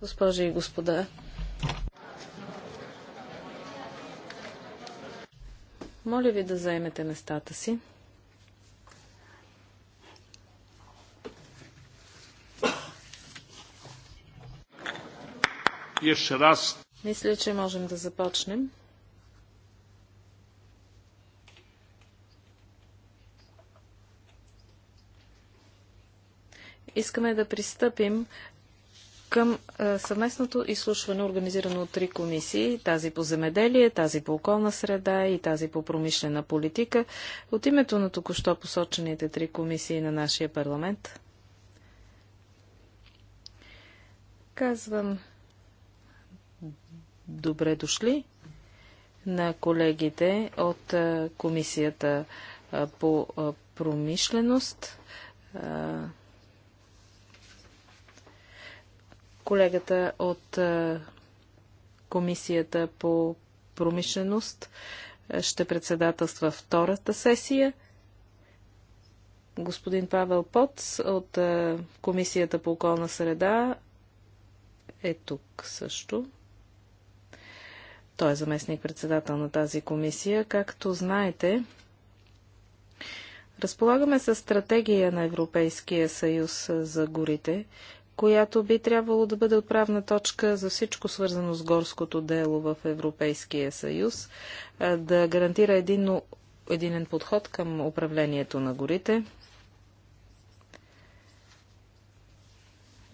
Госпожи и господа, моля ви да заемете местата си. Мисля, че можем да започнем. искаме да пристъпим към е, съвместното изслушване, организирано от три комисии, тази по земеделие, тази по околна среда и тази по промишлена политика, от името на току-що посочените три комисии на нашия парламент. Казвам добре дошли на колегите от е, комисията е, по промишленост, Колегата от е, Комисията по промишленост е, ще председателства втората сесия. Господин Павел Поц от е, Комисията по околна среда е тук също. Той е заместник-председател на тази комисия. Както знаете, разполагаме с стратегия на Европейския съюз за горите, която би трябвало да бъде отправна точка за всичко свързано с горското дело в Европейския съюз, да гарантира един единен подход към управлението на горите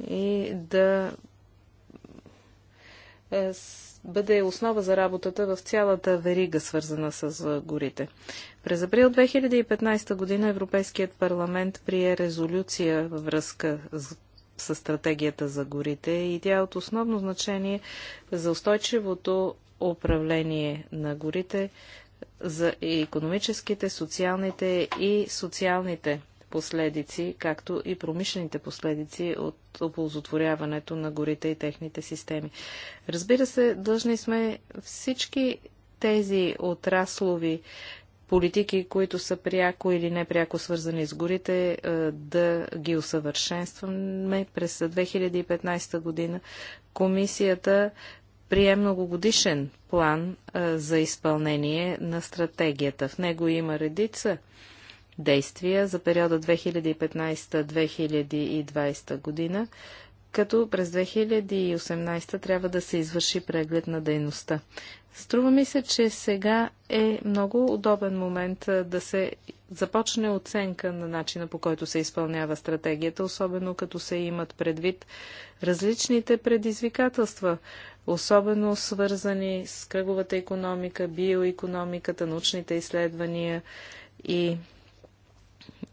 и да бъде основа за работата в цялата верига, свързана с горите. През април 2015 година Европейският парламент прие резолюция във връзка с със стратегията за горите и тя е от основно значение за устойчивото управление на горите, за економическите, социалните и социалните последици, както и промишлените последици от оползотворяването на горите и техните системи. Разбира се, дължни сме всички тези отраслови политики, които са пряко или непряко свързани с горите, е, да ги усъвършенстваме. През 2015 година комисията прие многогодишен план е, за изпълнение на стратегията. В него има редица действия за периода 2015-2020 година, като през 2018 трябва да се извърши преглед на дейността. Струва ми се, че сега е много удобен момент да се започне оценка на начина по който се изпълнява стратегията, особено като се имат предвид различните предизвикателства, особено свързани с кръговата економика, биоекономиката, научните изследвания и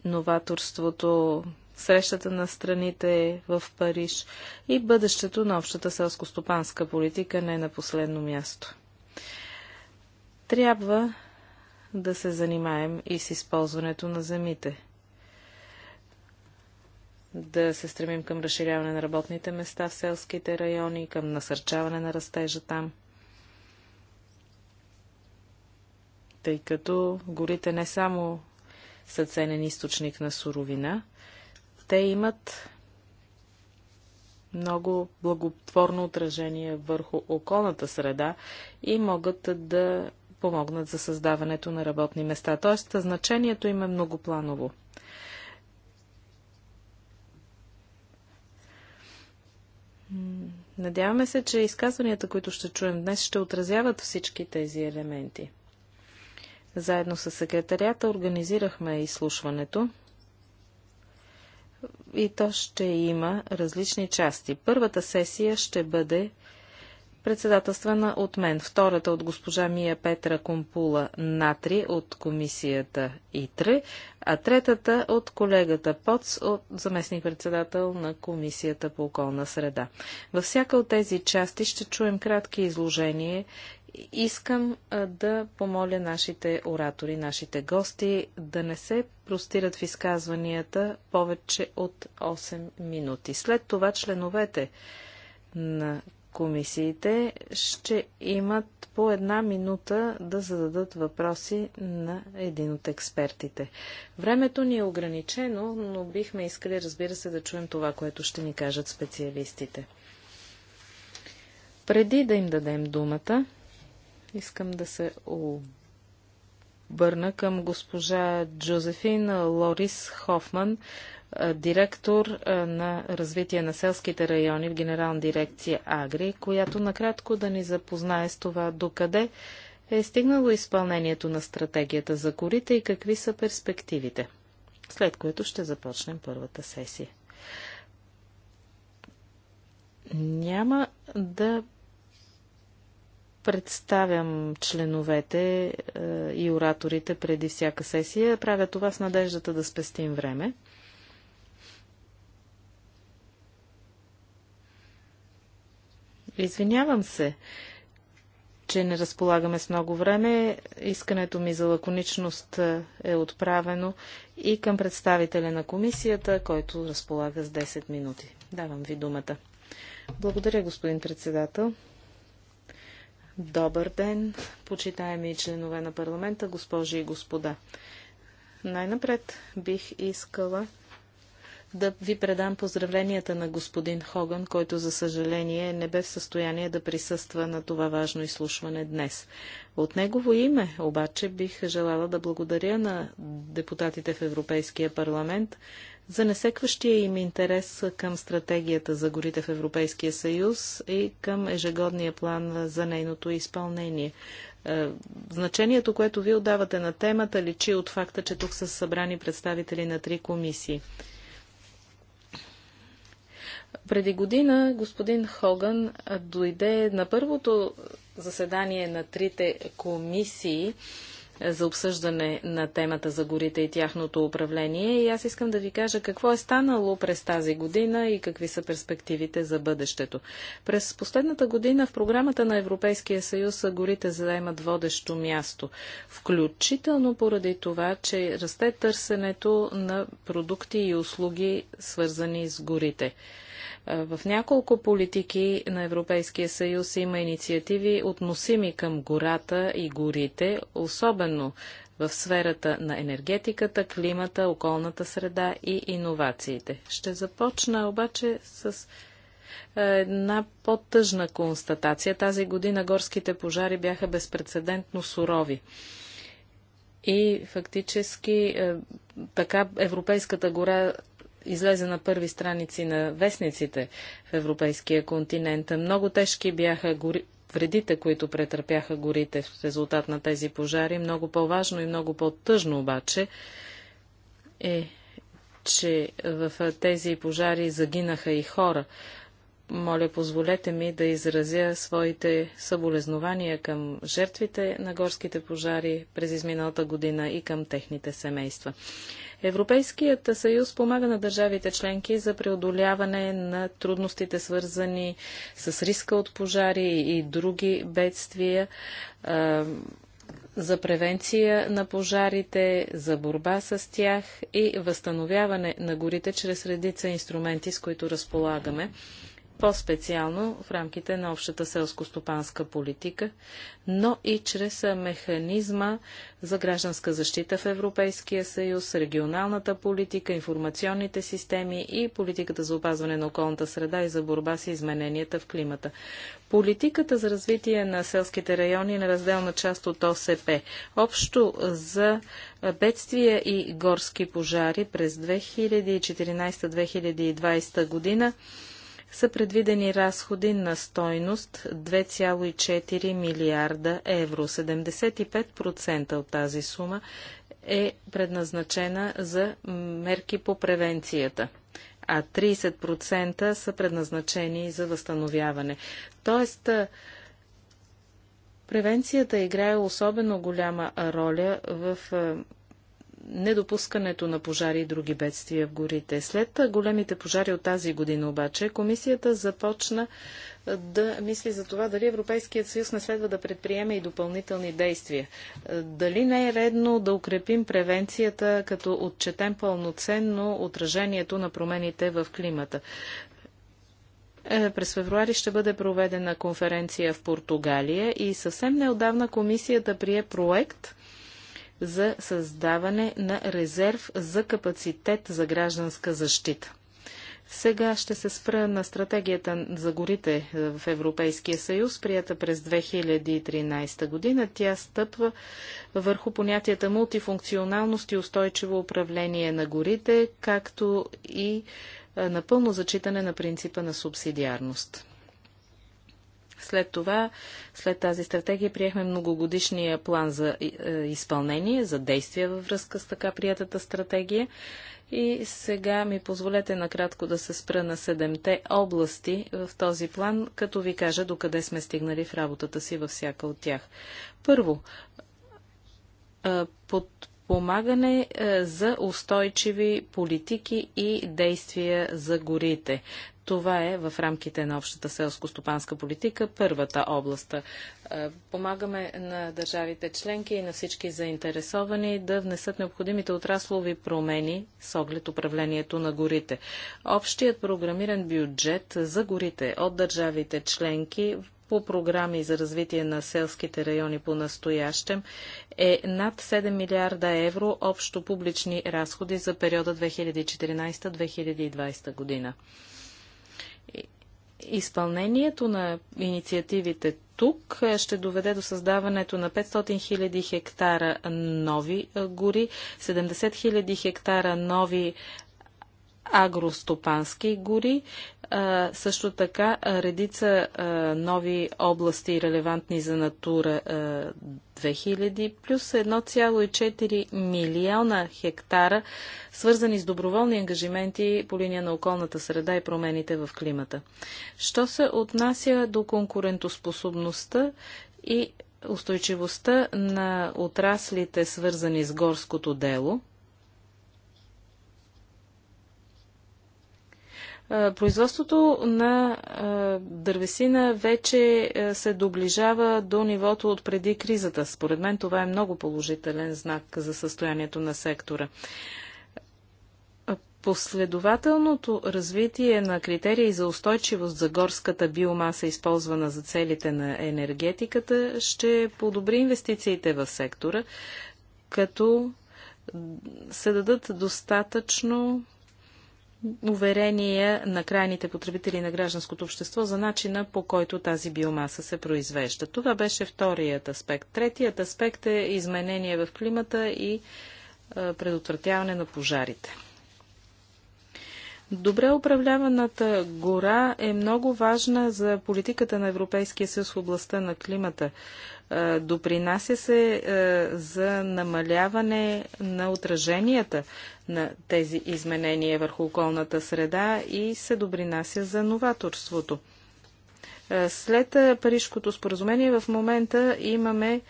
новаторството, срещата на страните в Париж и бъдещето на общата селско-стопанска политика не на последно място. Трябва да се занимаем и с използването на земите. Да се стремим към разширяване на работните места в селските райони, към насърчаване на растежа там. Тъй като горите не само са ценен източник на суровина, те имат много благотворно отражение върху околната среда и могат да помогнат за създаването на работни места. Тоест, значението им е многопланово. Надяваме се, че изказванията, които ще чуем днес, ще отразяват всички тези елементи. Заедно с секретарията организирахме изслушването и то ще има различни части. Първата сесия ще бъде председателствана от мен. Втората от госпожа Мия Петра Компула Натри от комисията ИТРЕ, а третата от колегата Поц от заместник-председател на комисията по околна среда. Във всяка от тези части ще чуем кратки изложения Искам да помоля нашите оратори, нашите гости да не се простират в изказванията повече от 8 минути. След това членовете на комисиите ще имат по една минута да зададат въпроси на един от експертите. Времето ни е ограничено, но бихме искали, разбира се, да чуем това, което ще ни кажат специалистите. Преди да им дадем думата, искам да се обърна към госпожа Джозефин Лорис Хофман директор на развитие на селските райони в Генерална дирекция Агри, която накратко да ни запознае с това докъде е стигнало изпълнението на стратегията за корите и какви са перспективите, след което ще започнем първата сесия. Няма да представям членовете и ораторите преди всяка сесия. Правя това с надеждата да спестим време. Извинявам се, че не разполагаме с много време. Искането ми за лаконичност е, е отправено и към представителя на комисията, който разполага с 10 минути. Давам ви думата. Благодаря, господин председател. Добър ден, почитаеми членове на парламента, госпожи и господа. Най-напред бих искала да ви предам поздравленията на господин Хоган, който за съжаление не бе в състояние да присъства на това важно изслушване днес. От негово име обаче бих желала да благодаря на депутатите в Европейския парламент за несекващия им интерес към стратегията за горите в Европейския съюз и към ежегодния план за нейното изпълнение. Е, значението, което ви отдавате на темата, личи от факта, че тук са събрани представители на три комисии. Преди година господин Хоган дойде на първото заседание на трите комисии за обсъждане на темата за горите и тяхното управление. И аз искам да ви кажа какво е станало през тази година и какви са перспективите за бъдещето. През последната година в програмата на Европейския съюз горите заемат водещо място, включително поради това, че расте търсенето на продукти и услуги, свързани с горите. Е, в няколко политики на Европейския съюз има инициативи относими към гората и горите, особено в сферата на енергетиката, климата, околната среда и иновациите. Ще започна обаче с е, една по-тъжна констатация. Тази година горските пожари бяха безпредседентно сурови. И фактически е, така Европейската гора излезе на първи страници на вестниците в европейския континент. Много тежки бяха гори... вредите, които претърпяха горите в резултат на тези пожари. Много по-важно и много по-тъжно обаче е, че в тези пожари загинаха и хора. Моля, позволете ми да изразя своите съболезнования към жертвите на горските пожари през изминалата година и към техните семейства. Европейският съюз помага на държавите членки за преодоляване на трудностите, свързани с риска от пожари и други бедствия, за превенция на пожарите, за борба с тях и възстановяване на горите чрез редица инструменти, с които разполагаме по-специално в рамките на общата селско-стопанска политика, но и чрез механизма за гражданска защита в Европейския съюз, регионалната политика, информационните системи и политиката за опазване на околната среда и за борба с измененията в климата. Политиката за развитие на селските райони е на разделна част от ОСП. Общо за бедствия и горски пожари през 2014-2020 година са предвидени разходи на стойност 2,4 милиарда евро. 75% от тази сума е предназначена за мерки по превенцията а 30% са предназначени за възстановяване. Тоест, превенцията играе особено голяма роля в недопускането на пожари и други бедствия в горите. След големите пожари от тази година обаче, комисията започна да мисли за това дали Европейският съюз не следва да предприеме и допълнителни действия. Дали не е редно да укрепим превенцията, като отчетем пълноценно отражението на промените в климата. Е, през февруари ще бъде проведена конференция в Португалия и съвсем неодавна комисията прие проект – за създаване на резерв за капацитет за гражданска защита. Сега ще се спра на стратегията за горите е, в Европейския съюз, прията през 2013 година. Тя стъпва върху понятията мултифункционалност и устойчиво управление на горите, както и е, напълно зачитане на принципа на субсидиарност. След това, след тази стратегия, приехме многогодишния план за е, е, изпълнение, за действия във връзка с така приятата стратегия. И сега ми позволете накратко да се спра на седемте области в този план, като ви кажа докъде сме стигнали в работата си във всяка от тях. Първо, е, подпомагане за устойчиви политики и действия за горите. Това е в рамките на общата селско-стопанска политика първата област. Е, помагаме на държавите членки и на всички заинтересовани да внесат необходимите отраслови промени с оглед управлението на горите. Общият програмиран бюджет за горите от държавите членки по програми за развитие на селските райони по настоящем е над 7 милиарда евро общо публични разходи за периода 2014-2020 година изпълнението на инициативите тук е, ще доведе до създаването на 500 000 хектара нови е, гори, 70 000 хектара нови агростопански гори, също така редица нови области, релевантни за Натура 2000, плюс 1,4 милиона хектара, свързани с доброволни ангажименти по линия на околната среда и промените в климата. Що се отнася до конкурентоспособността и устойчивостта на отраслите, свързани с горското дело, Е, производството на е, дървесина вече е, се доближава до нивото от преди кризата. Според мен това е много положителен знак за състоянието на сектора. Последователното развитие на критерии за устойчивост за горската биомаса, използвана за целите на енергетиката, ще подобри инвестициите в сектора, като се дадат достатъчно уверения на крайните потребители на гражданското общество за начина по който тази биомаса се произвежда. Това беше вторият аспект. Третият аспект е изменение в климата и предотвратяване на пожарите. Добре управляваната гора е много важна за политиката на Европейския съюз в областта на климата. Е, допринася се е, за намаляване на отраженията на тези изменения върху околната среда и се допринася за новаторството. Е, след е, Парижското споразумение в момента имаме е,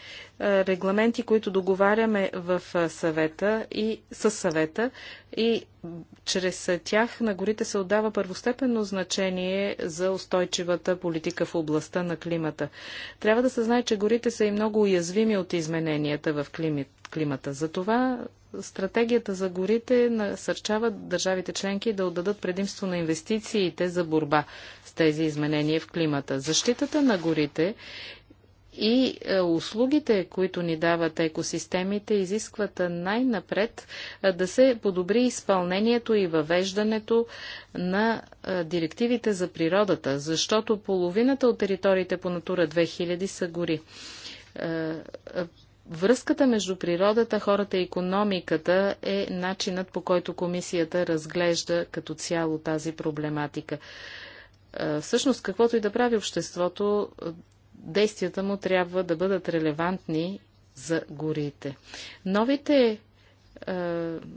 регламенти, които договаряме в съвета и със съвета и чрез тях на горите се отдава първостепенно значение за устойчивата политика в областта на климата. Трябва да се знае, че горите са и много уязвими от измененията в климата. Затова стратегията за горите насърчава държавите членки да отдадат предимство на инвестициите за борба с тези изменения в климата. Защитата на горите и е, услугите, които ни дават екосистемите, изискват най-напред е, да се подобри изпълнението и въвеждането на е, директивите за природата, защото половината от териториите по Натура 2000 са гори Връзката между природата, хората и економиката е начинът по който комисията разглежда като цяло тази проблематика. Всъщност, каквото и да прави обществото, действията му трябва да бъдат релевантни за горите. Новите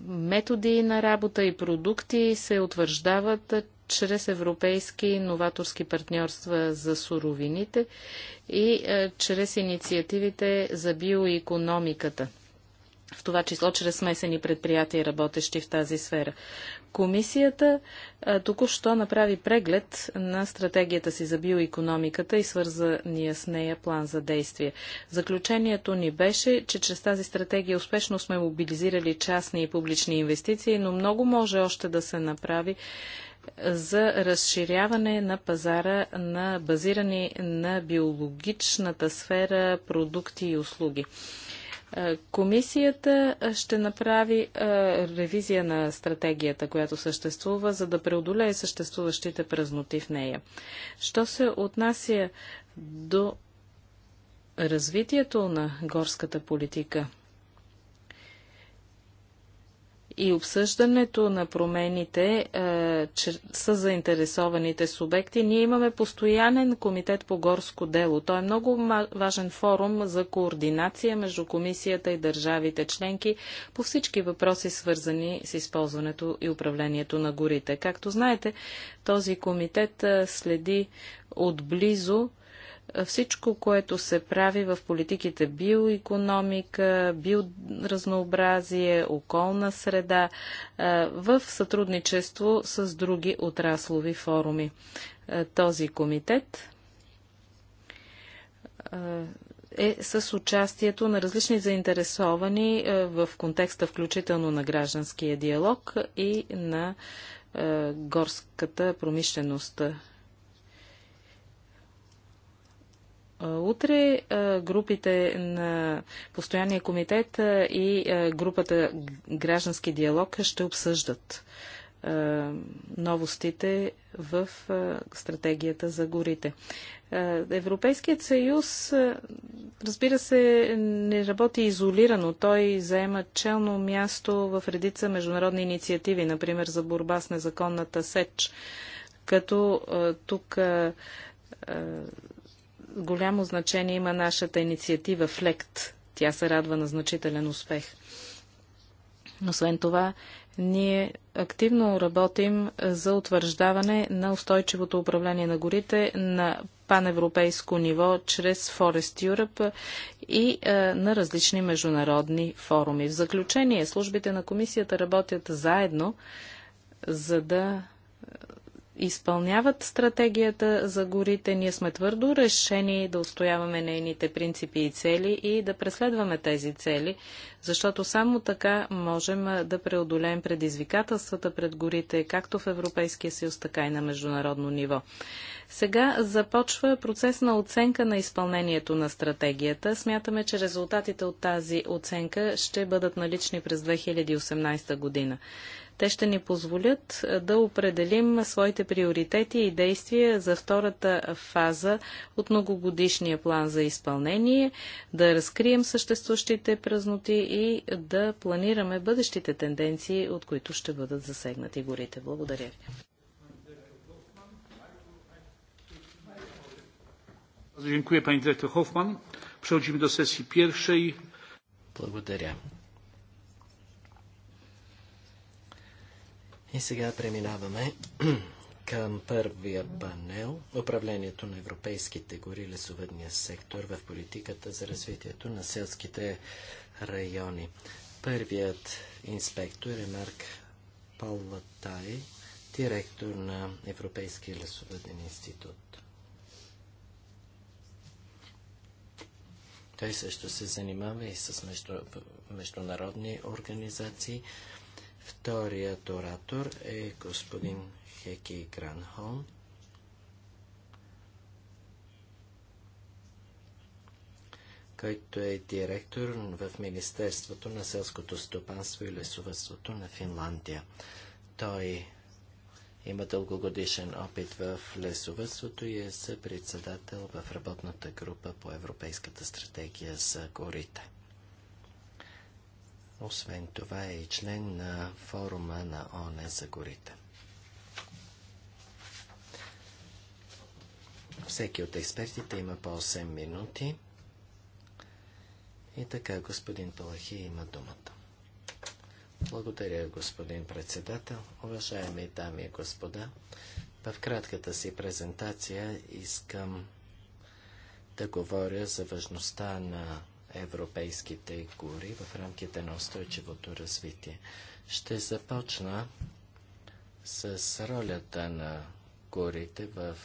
методи на работа и продукти се утвърждават, чрез европейски новаторски партньорства за суровините и е, чрез инициативите за биоекономиката. В това число чрез смесени предприятия, работещи в тази сфера. Комисията е, току-що направи преглед на стратегията си за биоекономиката и свързания с нея план за действие. Заключението ни беше, че чрез тази стратегия успешно сме мобилизирали частни и публични инвестиции, но много може още да се направи за разширяване на пазара на базирани на биологичната сфера продукти и услуги. Комисията ще направи ревизия на стратегията, която съществува, за да преодолее съществуващите празноти в нея. Що се отнася до развитието на горската политика – и обсъждането на промените е, че, с заинтересованите субекти, ние имаме постоянен комитет по горско дело. Той е много важен форум за координация между комисията и държавите членки по всички въпроси, свързани с използването и управлението на горите. Както знаете, този комитет е, следи отблизо всичко, което се прави в политиките биоекономика, биоразнообразие, околна среда, в сътрудничество с други отраслови форуми. Този комитет е с участието на различни заинтересовани в контекста включително на гражданския диалог и на горската промишленост Утре групите на Постоянния комитет и групата Граждански диалог ще обсъждат новостите в стратегията за горите. Европейският съюз, разбира се, не работи изолирано. Той заема челно място в редица международни инициативи, например за борба с незаконната сеч. Като тук голямо значение има нашата инициатива ФЛЕКТ. Тя се радва на значителен успех. Освен това, ние активно работим за утвърждаване на устойчивото управление на горите на паневропейско ниво чрез Forest Europe и е, на различни международни форуми. В заключение, службите на комисията работят заедно, за да изпълняват стратегията за горите. Ние сме твърдо решени да устояваме нейните принципи и цели и да преследваме тези цели, защото само така можем да преодолеем предизвикателствата пред горите, както в Европейския съюз, така и на международно ниво. Сега започва процес на оценка на изпълнението на стратегията. Смятаме, че резултатите от тази оценка ще бъдат налични през 2018 година. Те ще ни позволят е, да определим своите приоритети и действия за втората фаза от многогодишния план за изпълнение, да разкрием съществуващите празноти и да планираме бъдещите тенденции, от които ще бъдат засегнати горите. Благодаря ви. Dziękuję pani dyrektor Hoffman. Przechodzimy do sesji pierwszej. Благодаря. И сега преминаваме към първия панел управлението на европейските гори лесовъдния сектор в политиката за развитието на селските райони. Първият инспектор е Марк Палатай, директор на Европейския лесовъден институт. Той също се занимава и с международни организации. Вторият оратор е господин Хеки Гранхолм. който е директор в Министерството на селското стопанство и лесовътството на Финландия. Той има дългогодишен опит в лесовътството и е съпредседател в работната група по Европейската стратегия за горите. Освен това е и член на форума на ОНЕ за горите. Всеки от експертите има по 8 минути. И така, господин Палахи има думата. Благодаря, господин председател. Уважаеми дами и господа, в кратката си презентация искам да говоря за важността на европейските гори в рамките на устойчивото развитие. Ще започна с ролята на горите в,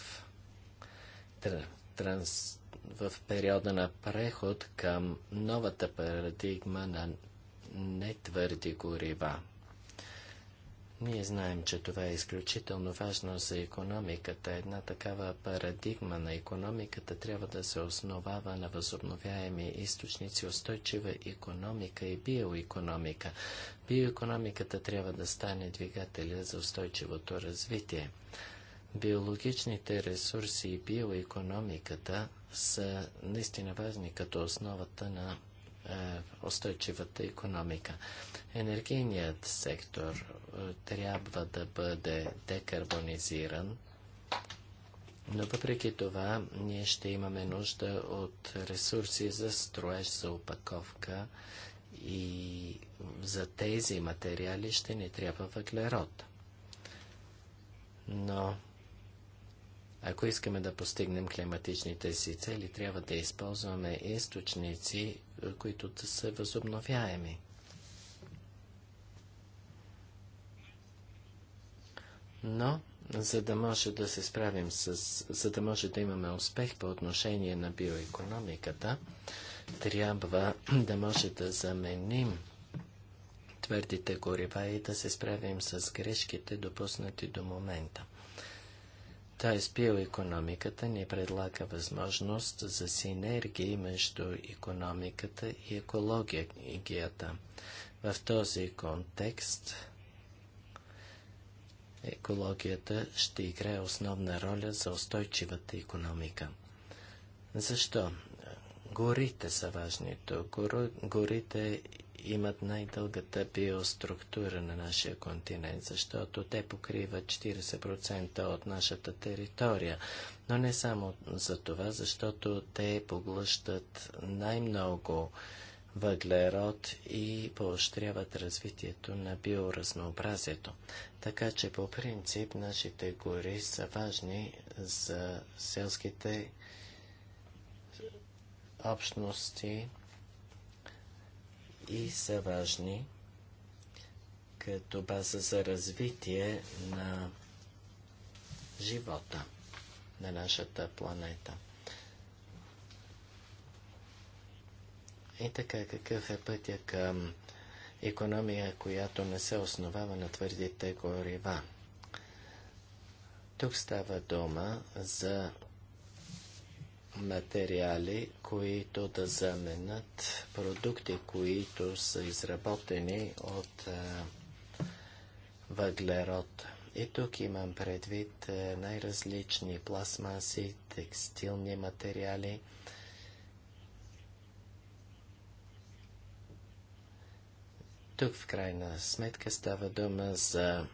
транс, в периода на преход към новата парадигма на нетвърди горива. Ние знаем, че това е изключително важно за економиката. Една такава парадигма на економиката трябва да се основава на възобновяеми източници, устойчива економика и биоекономика. Биоекономиката трябва да стане двигателя за устойчивото развитие. Биологичните ресурси и биоекономиката са наистина важни като основата на е, устойчивата економика. Енергийният сектор е, трябва да бъде декарбонизиран, но въпреки това ние ще имаме нужда от ресурси за строеж, за опаковка и за тези материали ще ни трябва въглерод. Но ако искаме да постигнем климатичните си цели, трябва да използваме източници, е, които да са възобновяеми. Но, за да може да се справим с, за да може да имаме успех по отношение на биоекономиката, трябва да може да заменим твърдите горива и да се справим с грешките, допуснати до момента. Е спил економиката ни предлага възможност за синергии между економиката и екологията. В този контекст екологията ще играе основна роля за устойчивата економика. Защо? Горите са важни тук. Горите имат най-дългата биоструктура на нашия континент, защото те покриват 40% от нашата територия. Но не само за това, защото те поглъщат най-много въглерод и поощряват развитието на биоразнообразието. Така че по принцип нашите гори са важни за селските общности и са важни като база за развитие на живота на нашата планета. И така, какъв е пътя към економия, която не се основава на твърдите горива? Тук става дума за материали, които да заменят продукти, които са изработени от е, въглерод. И тук имам предвид е, най-различни пластмаси, текстилни материали. Тук в крайна сметка става дума за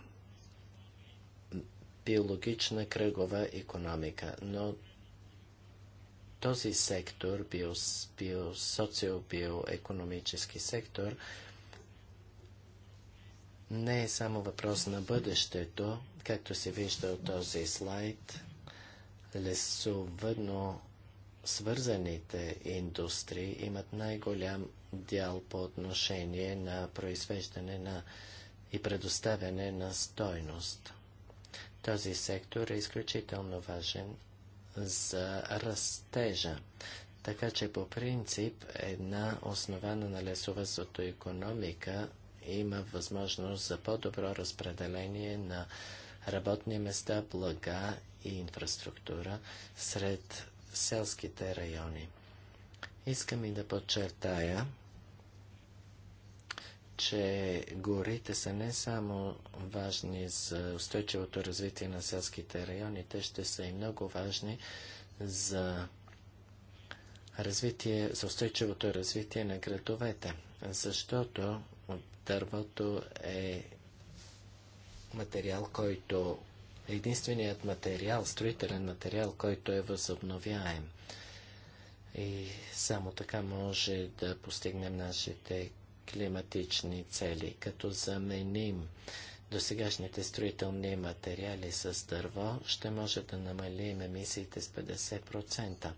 биологична кръгова економика, но този сектор, биосоциобиоекономически биосоцио сектор, не е само въпрос на бъдещето, както се вижда от този слайд, лесовъдно свързаните индустрии имат най-голям дял по отношение на произвеждане на и предоставяне на стойност. Този сектор е изключително важен за растежа. Така че по принцип една основана на лесовъзото економика има възможност за по-добро разпределение на работни места, блага и инфраструктура сред селските райони. Искам и да подчертая, че горите са не само важни за устойчивото развитие на селските райони, те ще са и много важни за развитие, за устойчивото развитие на градовете, защото дървото е материал, който единственият материал, строителен материал, който е възобновяем. И само така може да постигнем нашите климатични цели, като заменим досегашните строителни материали с дърво, ще може да намалим емисиите с 50%.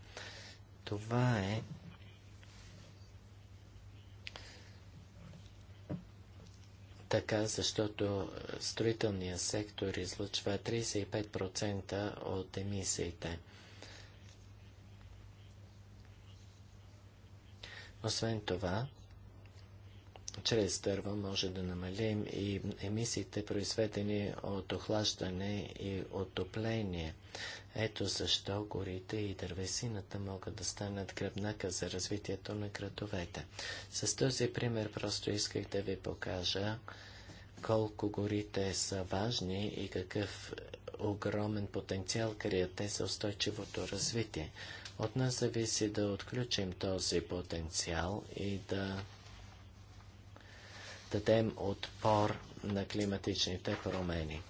Това е така, защото строителният сектор излъчва 35% от емисиите. Освен това, чрез дърво може да намалим и емисиите, произведени от охлаждане и отопление. Ето защо горите и дървесината могат да станат гръбнака за развитието на градовете. С този пример просто исках да ви покажа колко горите са важни и какъв огромен потенциал крият те за устойчивото развитие. От нас зависи да отключим този потенциал и да дадем отпор на климатичните промени.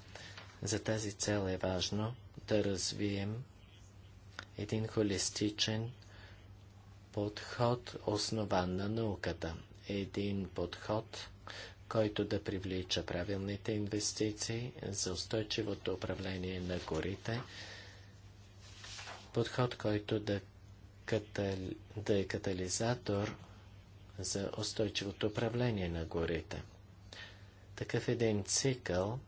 За тази цел е важно да развием един холистичен подход, основан на науката. Един подход, който да привлича правилните инвестиции за устойчивото управление на горите. Подход, който да, катали... да е катализатор за устойчивото управление на горите. Такъв един цикъл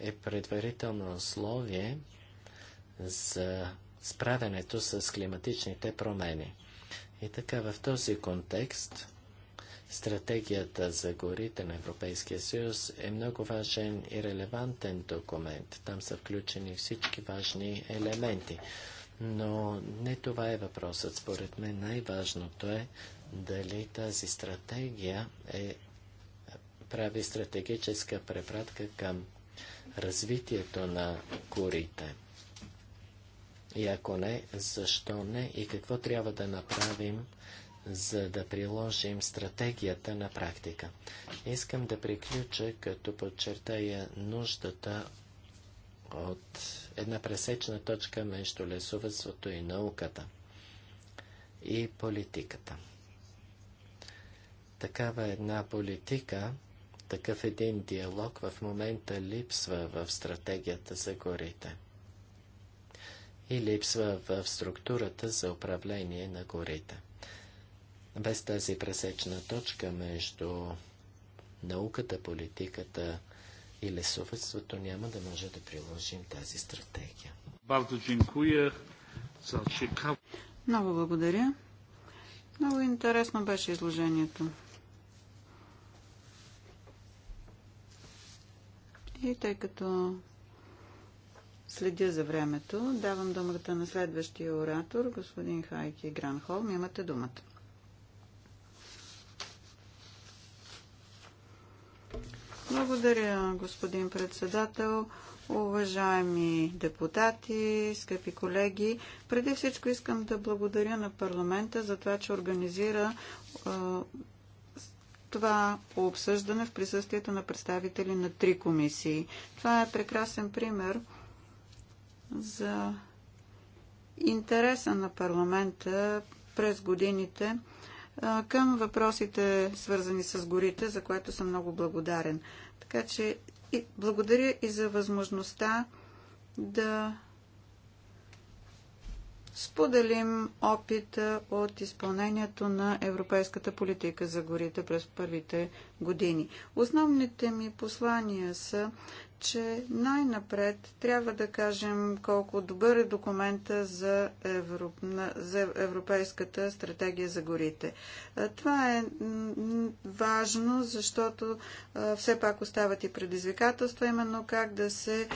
е предварително условие за справянето с климатичните промени. И така в този контекст стратегията за горите на Европейския съюз е много важен и релевантен документ. Там са включени всички важни елементи. Но не това е въпросът. Според мен най-важното е дали тази стратегия е, прави стратегическа препратка към развитието на курите. И ако не, защо не и какво трябва да направим, за да приложим стратегията на практика. Искам да приключа, като подчертая нуждата от една пресечна точка между лесовътството и науката и политиката. Такава една политика, такъв един диалог в момента липсва в стратегията за горите и липсва в структурата за управление на горите. Без тази пресечна точка между науката, политиката и лесовътството няма да може да приложим тази стратегия. Много благодаря. Много интересно беше изложението. И тъй като следя за времето, давам думата на следващия оратор, господин Хайки Гранхолм. Имате думата. Благодаря, господин председател. Уважаеми депутати, скъпи колеги, преди всичко искам да благодаря на парламента за това, че организира е, това обсъждане в присъствието на представители на три комисии. Това е прекрасен пример за интереса на парламента през годините към въпросите, свързани с горите, за което съм много благодарен. Така че и благодаря и за възможността да споделим опита от изпълнението на европейската политика за горите през първите години. Основните ми послания са, че най-напред трябва да кажем колко добър е документа за, Европ... за Европейската стратегия за горите. Това е важно, защото все пак остават и предизвикателства, именно как да се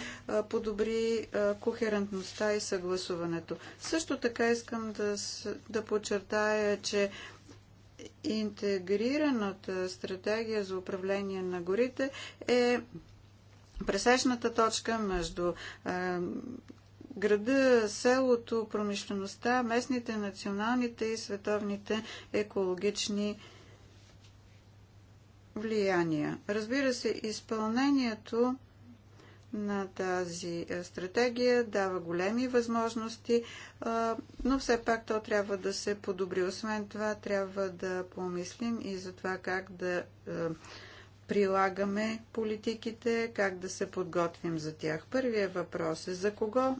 подобри кохерентността и съгласуването. Също така искам да, да подчертая, че интегрираната стратегия за управление на горите е пресечната точка между е, града, селото, промишлеността, местните, националните и световните екологични влияния. Разбира се, изпълнението на тази е, стратегия дава големи възможности, е, но все пак то трябва да се подобри. Освен това, трябва да помислим и за това как да прилагаме политиките, как да се подготвим за тях. Първият въпрос е за кого,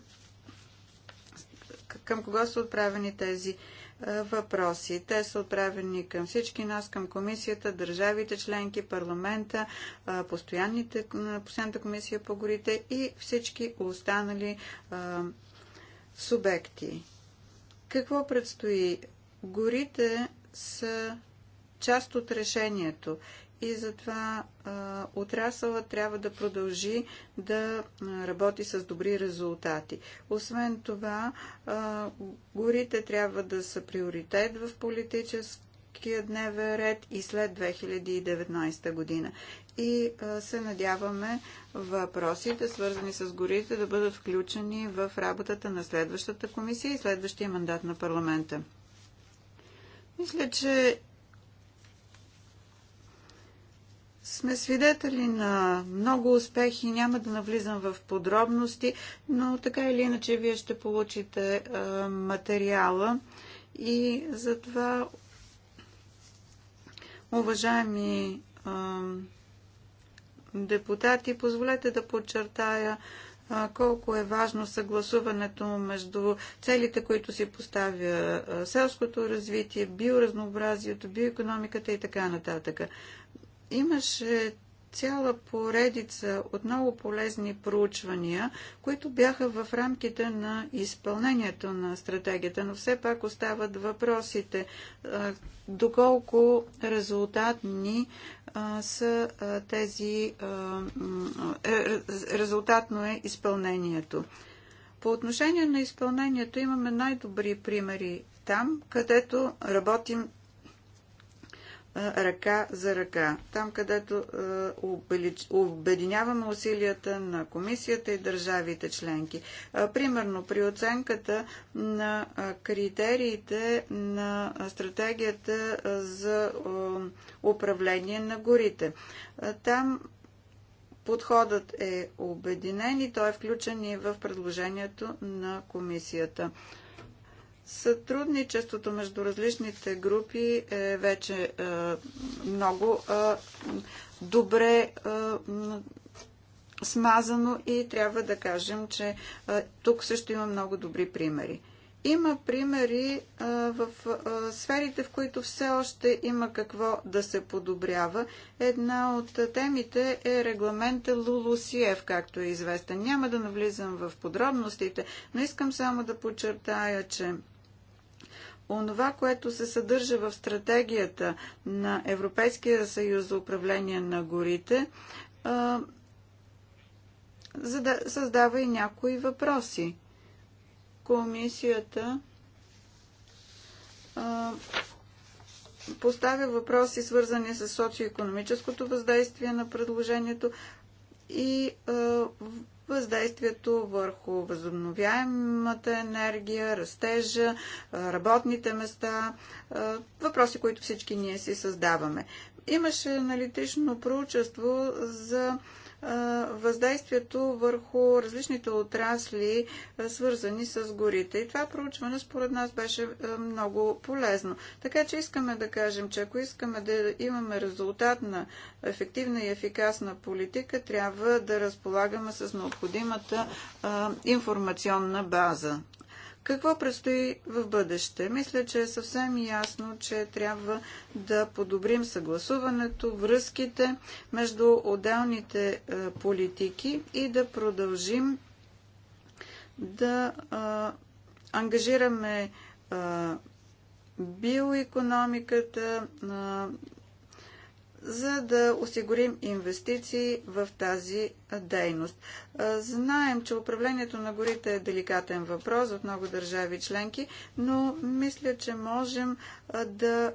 към кого са отправени тези е, въпроси. Те са отправени към всички нас, към комисията, държавите членки, парламента, е, постоянните постоянната комисия по горите и всички останали а, е, субекти. Какво предстои? Горите са част от решението и затова отрасъла трябва да продължи да работи с добри резултати. Освен това, горите трябва да са приоритет в политическия дневен ред и след 2019 година. И се надяваме въпросите, свързани с горите, да бъдат включени в работата на следващата комисия и следващия мандат на парламента. Мисля, че сме свидетели на много успехи. Няма да навлизам в подробности, но така или иначе вие ще получите а, е, материала. И затова, уважаеми а, е, депутати, позволете да подчертая а, е, колко е важно съгласуването между целите, които си поставя селското развитие, биоразнообразието, биоекономиката и така нататък. Имаше цяла поредица от много полезни проучвания, които бяха в рамките на изпълнението на стратегията, но все пак остават въпросите доколко резултатни са тези е, е, резултатно е изпълнението. По отношение на изпълнението имаме най-добри примери там, където работим ръка за ръка. Там, където обединяваме усилията на комисията и държавите членки. Примерно, при оценката на критериите на стратегията за управление на горите. Там подходът е обединен и той е включен и в предложението на комисията. Сътрудничеството между различните групи е вече е, много е, добре е, смазано и трябва да кажем, че е, тук също има много добри примери. Има примери е, в е, сферите, в които все още има какво да се подобрява. Една от темите е регламента Лулусиев, както е известен. Няма да навлизам в подробностите, но искам само да подчертая, че онова, което се съдържа в стратегията на Европейския съюз за управление на горите, създава и някои въпроси. Комисията поставя въпроси, свързани с социо-економическото въздействие на предложението и въздействието върху възобновяемата енергия, растежа, работните места, въпроси, които всички ние си създаваме. Имаше аналитично проучество за въздействието върху различните отрасли, свързани с горите. И това проучване според нас беше много полезно. Така че искаме да кажем, че ако искаме да имаме резултат на ефективна и ефикасна политика, трябва да разполагаме с необходимата информационна база. Какво предстои в бъдеще? Мисля, че е съвсем ясно, че трябва да подобрим съгласуването, връзките между отделните е, политики и да продължим да ангажираме биоекономиката, за да осигурим инвестиции в тази дейност. Знаем, че управлението на горите е деликатен въпрос от много държави членки, но мисля, че можем да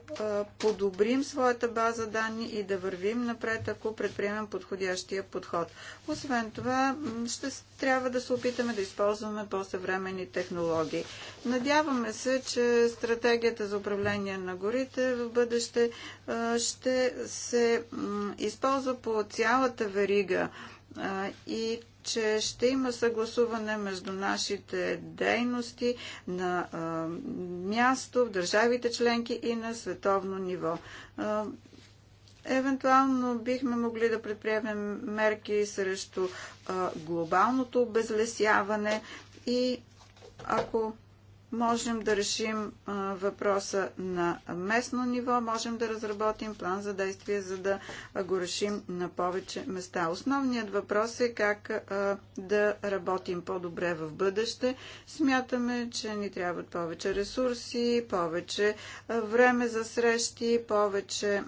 подобрим своята база данни и да вървим напред, ако предприемем подходящия подход. Освен това, ще трябва да се опитаме да използваме по-съвремени технологии. Надяваме се, че стратегията за управление на горите в бъдеще ще се използва по цялата верига и че ще има съгласуване между нашите дейности на място в държавите членки и на световно ниво. Евентуално бихме могли да предприемем мерки срещу глобалното обезлесяване и ако можем да решим въпроса на местно ниво, можем да разработим план за действие, за да го решим на повече места. Основният въпрос е как да работим по-добре в бъдеще. Смятаме, че ни трябват повече ресурси, повече време за срещи, повече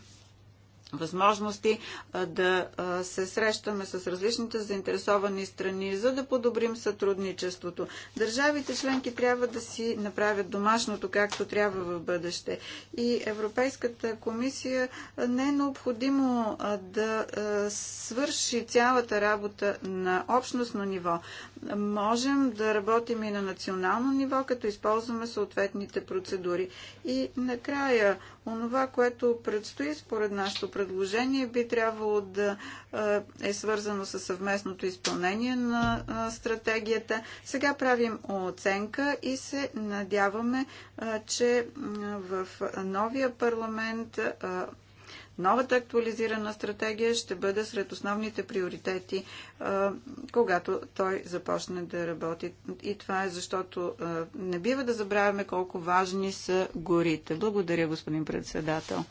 възможности да се срещаме с различните заинтересовани страни, за да подобрим сътрудничеството. Държавите членки трябва да си направят домашното както трябва в бъдеще. И Европейската комисия не е необходимо да свърши цялата работа на общностно ниво. Можем да работим и на национално ниво, като използваме съответните процедури. И накрая Онова, което предстои според нашето предложение, би трябвало да е свързано с съвместното изпълнение на стратегията. Сега правим оценка и се надяваме, че в новия парламент Новата актуализирана стратегия ще бъде сред основните приоритети, когато той започне да работи. И това е защото не бива да забравяме колко важни са горите. Благодаря, господин председател.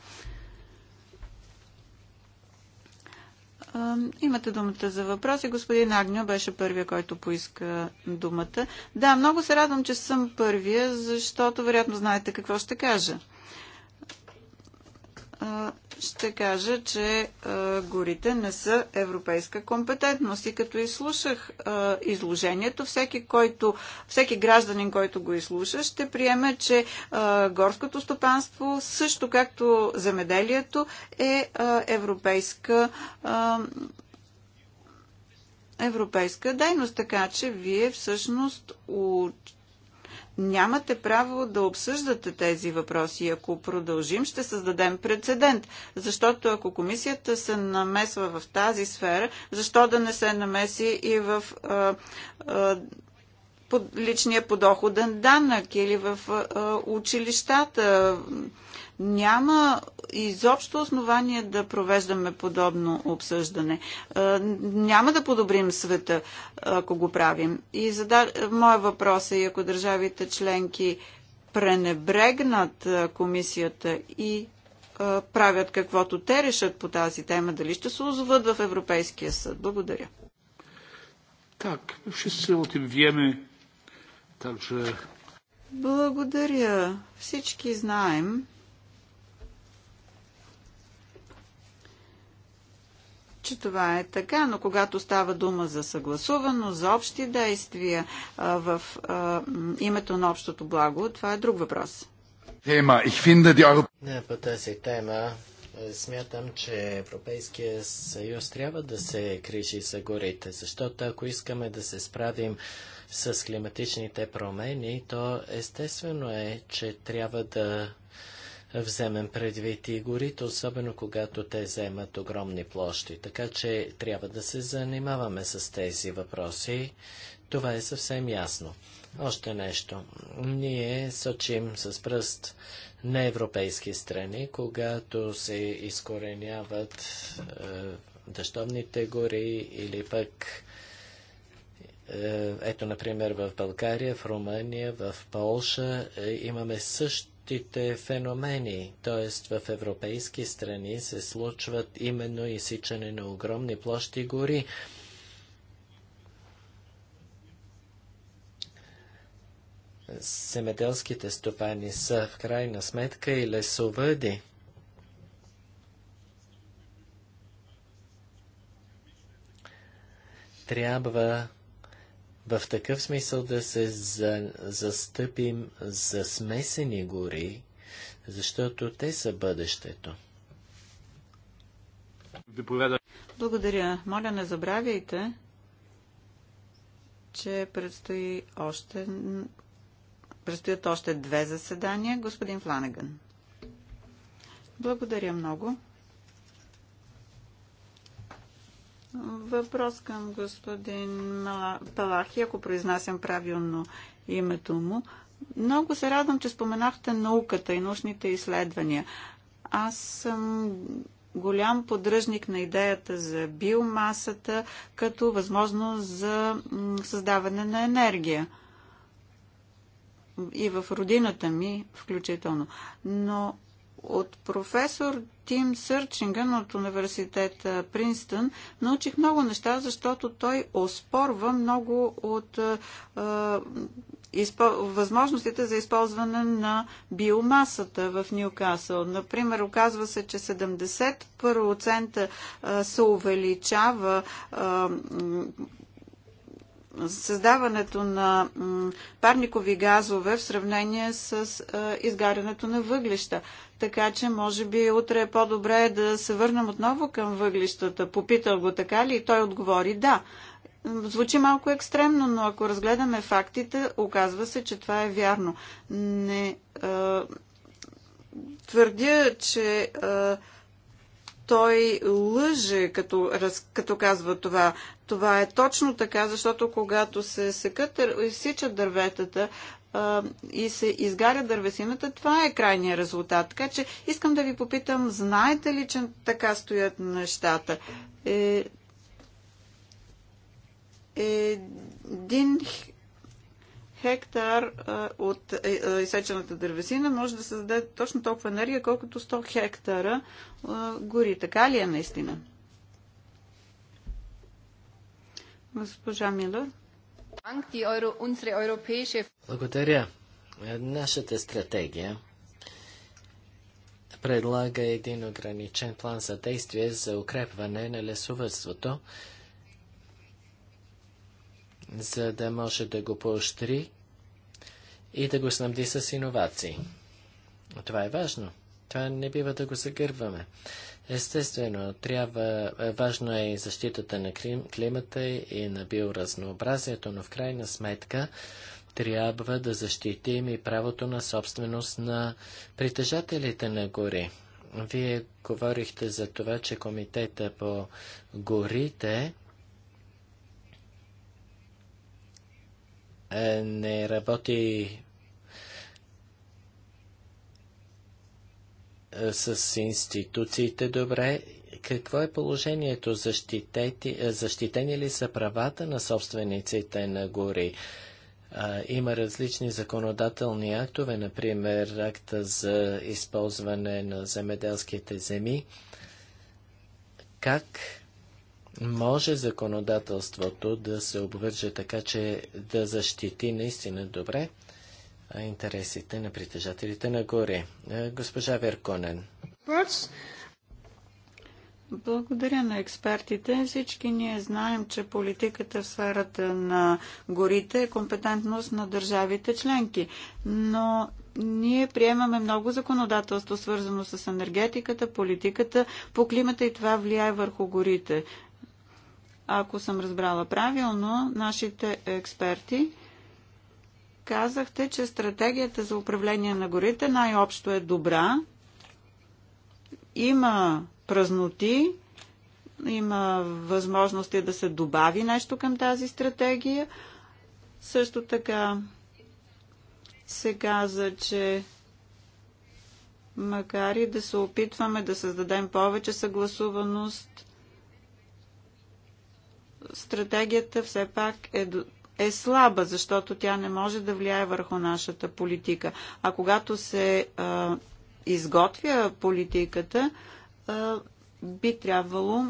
Имате думата за въпроси. Господин Агньо беше първия, който поиска думата. Да, много се радвам, че съм първия, защото вероятно знаете какво ще кажа ще кажа, че горите не са европейска компетентност. И като изслушах изложението, всеки, който, всеки гражданин, който го изслуша, ще приеме, че горското стопанство, също както замеделието, е европейска европейска дейност, така че вие всъщност нямате право да обсъждате тези въпроси. Ако продължим, ще създадем прецедент. Защото ако комисията се намесва в тази сфера, защо да не се намеси и в а, а, под личния подоходен данък или в а, училищата? няма изобщо основание да провеждаме подобно обсъждане. Е, няма да подобрим света, ако го правим. И задар... моя въпрос е, ако държавите членки пренебрегнат е, комисията и е, правят каквото те решат по тази тема, дали ще се озоват в Европейския съд. Благодаря. Так, се o tym wiemy, же. Благодаря. Всички знаем, че това е така, но когато става дума за съгласувано, за общи действия а, в а, името на общото благо, това е друг въпрос. Тема. Ich finde die Не, по тази тема е, смятам, че Европейския съюз трябва да се крижи за горите, защото ако искаме да се справим с климатичните промени, то естествено е, че трябва да вземем предвид и горите, особено когато те вземат огромни площи. Така че трябва да се занимаваме с тези въпроси. Това е съвсем ясно. Още нещо. Ние сочим с пръст на европейски страни, когато се изкореняват е, дъждовните гори или пък е, ето, например, в България, в Румъния, в Полша е, имаме също същите феномени, т.е. в европейски страни се случват именно изсичане на огромни площи гори. Семеделските стопани са в крайна сметка и лесовъди. Трябва в такъв смисъл да се за, застъпим за смесени гори, защото те са бъдещето. Благодаря. Моля, не забравяйте, че предстои още, предстоят още две заседания. Господин Фланеган. Благодаря много. Въпрос към господин Палахи, ако произнасям правилно името му. Много се радвам, че споменахте науката и научните изследвания. Аз съм голям поддръжник на идеята за биомасата като възможност за създаване на енергия. И в родината ми включително. Но от професор Тим Сърчинган от университета Принстън научих много неща, защото той оспорва много от възможностите за използване на биомасата в Ньюкасъл. Например, оказва се, че 70% се увеличава създаването на парникови газове в сравнение с изгарянето на въглища. Така че, може би, утре е по-добре да се върнем отново към въглищата. Попитал го така ли и той отговори да. Звучи малко екстремно, но ако разгледаме фактите, оказва се, че това е вярно. Не, твърдя, че той лъже, като, раз, като казва това. Това е точно така, защото когато се секат, сичат дърветата а, и се изгаря дървесината, това е крайният резултат. Така че искам да ви попитам, знаете ли, че така стоят нещата? Е, един хектар от е, е, изсечената дървесина може да създаде точно толкова енергия, колкото 100 хектара гори. Така ли е наистина? Госпожа Милер. Благодаря. Е, нашата стратегия предлага един ограничен план за действие за укрепване на лесовътството за да може да го поощри и да го снабди с иновации. Това е важно. Това не бива да го загърваме. Естествено, трябва, е, важно е и защитата на климата и на биоразнообразието, но в крайна сметка трябва да защитим и правото на собственост на притежателите на гори. Вие говорихте за това, че комитета по горите Е, не работи е, с институциите добре. Какво е положението? Защитети, е, защитени ли са правата на собствениците на гори? А, има различни законодателни актове, например акта за използване на земеделските земи. Как може законодателството да се обвърже така, че да защити наистина добре интересите на притежателите на гори. Госпожа Верконен. Благодаря на експертите. Всички ние знаем, че политиката в сферата на горите е компетентност на държавите членки. Но ние приемаме много законодателство, свързано с енергетиката, политиката по климата и това влияе върху горите. Ако съм разбрала правилно, нашите експерти казахте, че стратегията за управление на горите най-общо е добра. Има празноти, има възможности да се добави нещо към тази стратегия. Също така се каза, че макар и да се опитваме да създадем повече съгласуваност стратегията все пак е, е слаба, защото тя не може да влияе върху нашата политика. А когато се а, изготвя политиката, а, би трябвало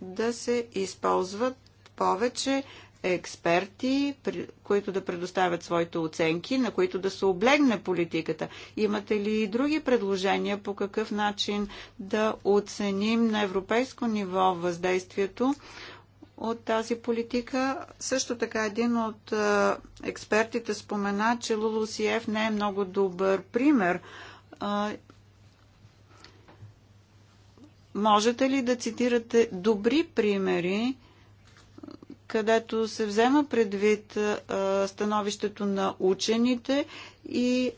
да се използват повече експерти, които да предоставят своите оценки, на които да се облегне политиката. Имате ли и други предложения по какъв начин да оценим на европейско ниво въздействието от тази политика. Също така един от експертите спомена, че Лулусиев не е много добър пример. Можете ли да цитирате добри примери където се взема предвид становището на учените и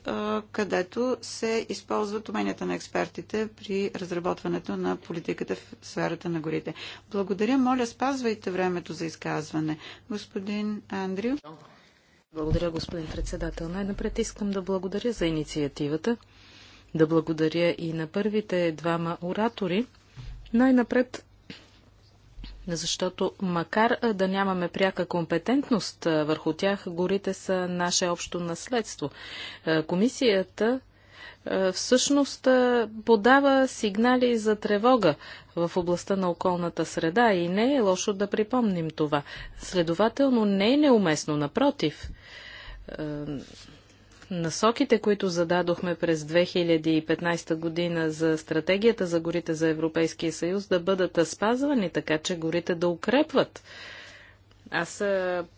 където се използват уменията на експертите при разработването на политиката в сферата на горите. Благодаря. Моля, спазвайте времето за изказване. Господин Андрю. Благодаря, господин председател. Най-напред искам да благодаря за инициативата, да благодаря и на първите двама оратори. Най-напред защото макар да нямаме пряка компетентност върху тях, горите са наше общо наследство. Комисията всъщност подава сигнали за тревога в областта на околната среда и не е лошо да припомним това. Следователно не е неуместно, напротив Насоките, които зададохме през 2015 година за стратегията за горите за Европейския съюз, да бъдат спазвани, така че горите да укрепват. Аз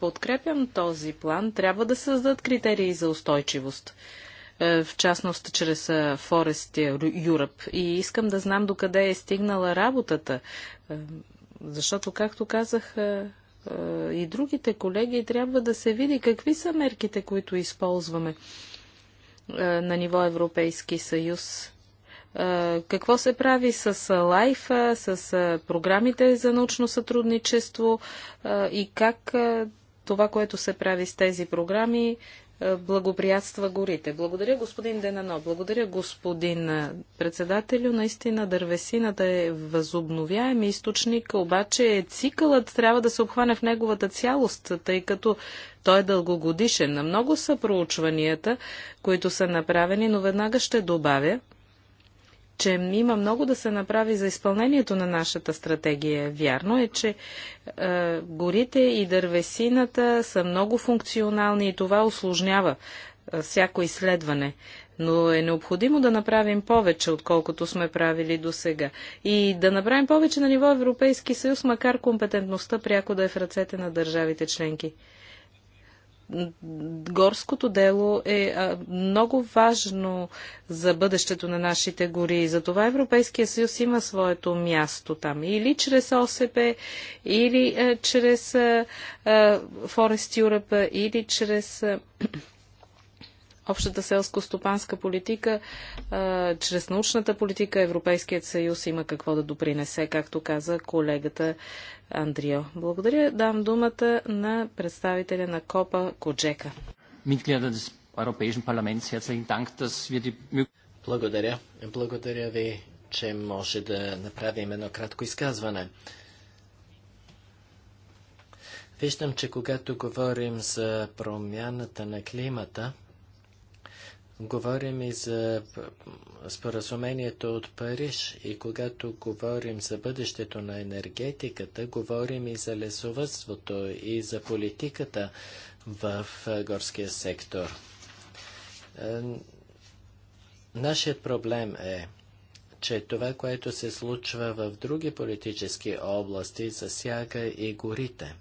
подкрепям този план. Трябва да създадат критерии за устойчивост в частност чрез Forest Europe. И искам да знам докъде е стигнала работата, защото, както казах, и другите колеги, трябва да се види какви са мерките, които използваме на ниво Европейски съюз. Какво се прави с лайфа, с програмите за научно сътрудничество и как това, което се прави с тези програми, благоприятства горите. Благодаря, господин Денано. Благодаря, господин председателю. Наистина дървесината е възобновяем източник, обаче цикълът трябва да се обхване в неговата цялост, тъй като той е дългогодишен. Много са проучванията, които са направени, но веднага ще добавя, че има много да се направи за изпълнението на нашата стратегия. Вярно е, че е, горите и дървесината са много функционални и това осложнява е, всяко изследване. Но е необходимо да направим повече, отколкото сме правили до сега. И да направим повече на ниво Европейски съюз, макар компетентността пряко да е в ръцете на държавите членки горското дело е много важно за бъдещето на нашите гори. Затова Европейския съюз има своето място там. Или чрез ОСП, или чрез Forest Europe, или чрез общата селско-стопанска политика, а, чрез научната политика Европейският съюз има какво да допринесе, както каза колегата Андрио. Благодаря. Дам думата на представителя на КОПА Коджека. Благодаря. Благодаря ви, че може да направим едно кратко изказване. Виждам, че когато говорим за промяната на климата, Говорим и за споразумението от Париж и когато говорим за бъдещето на енергетиката, говорим и за лесовътството и за политиката в горския сектор. Нашият проблем е, че това, което се случва в други политически области, засяга и горите.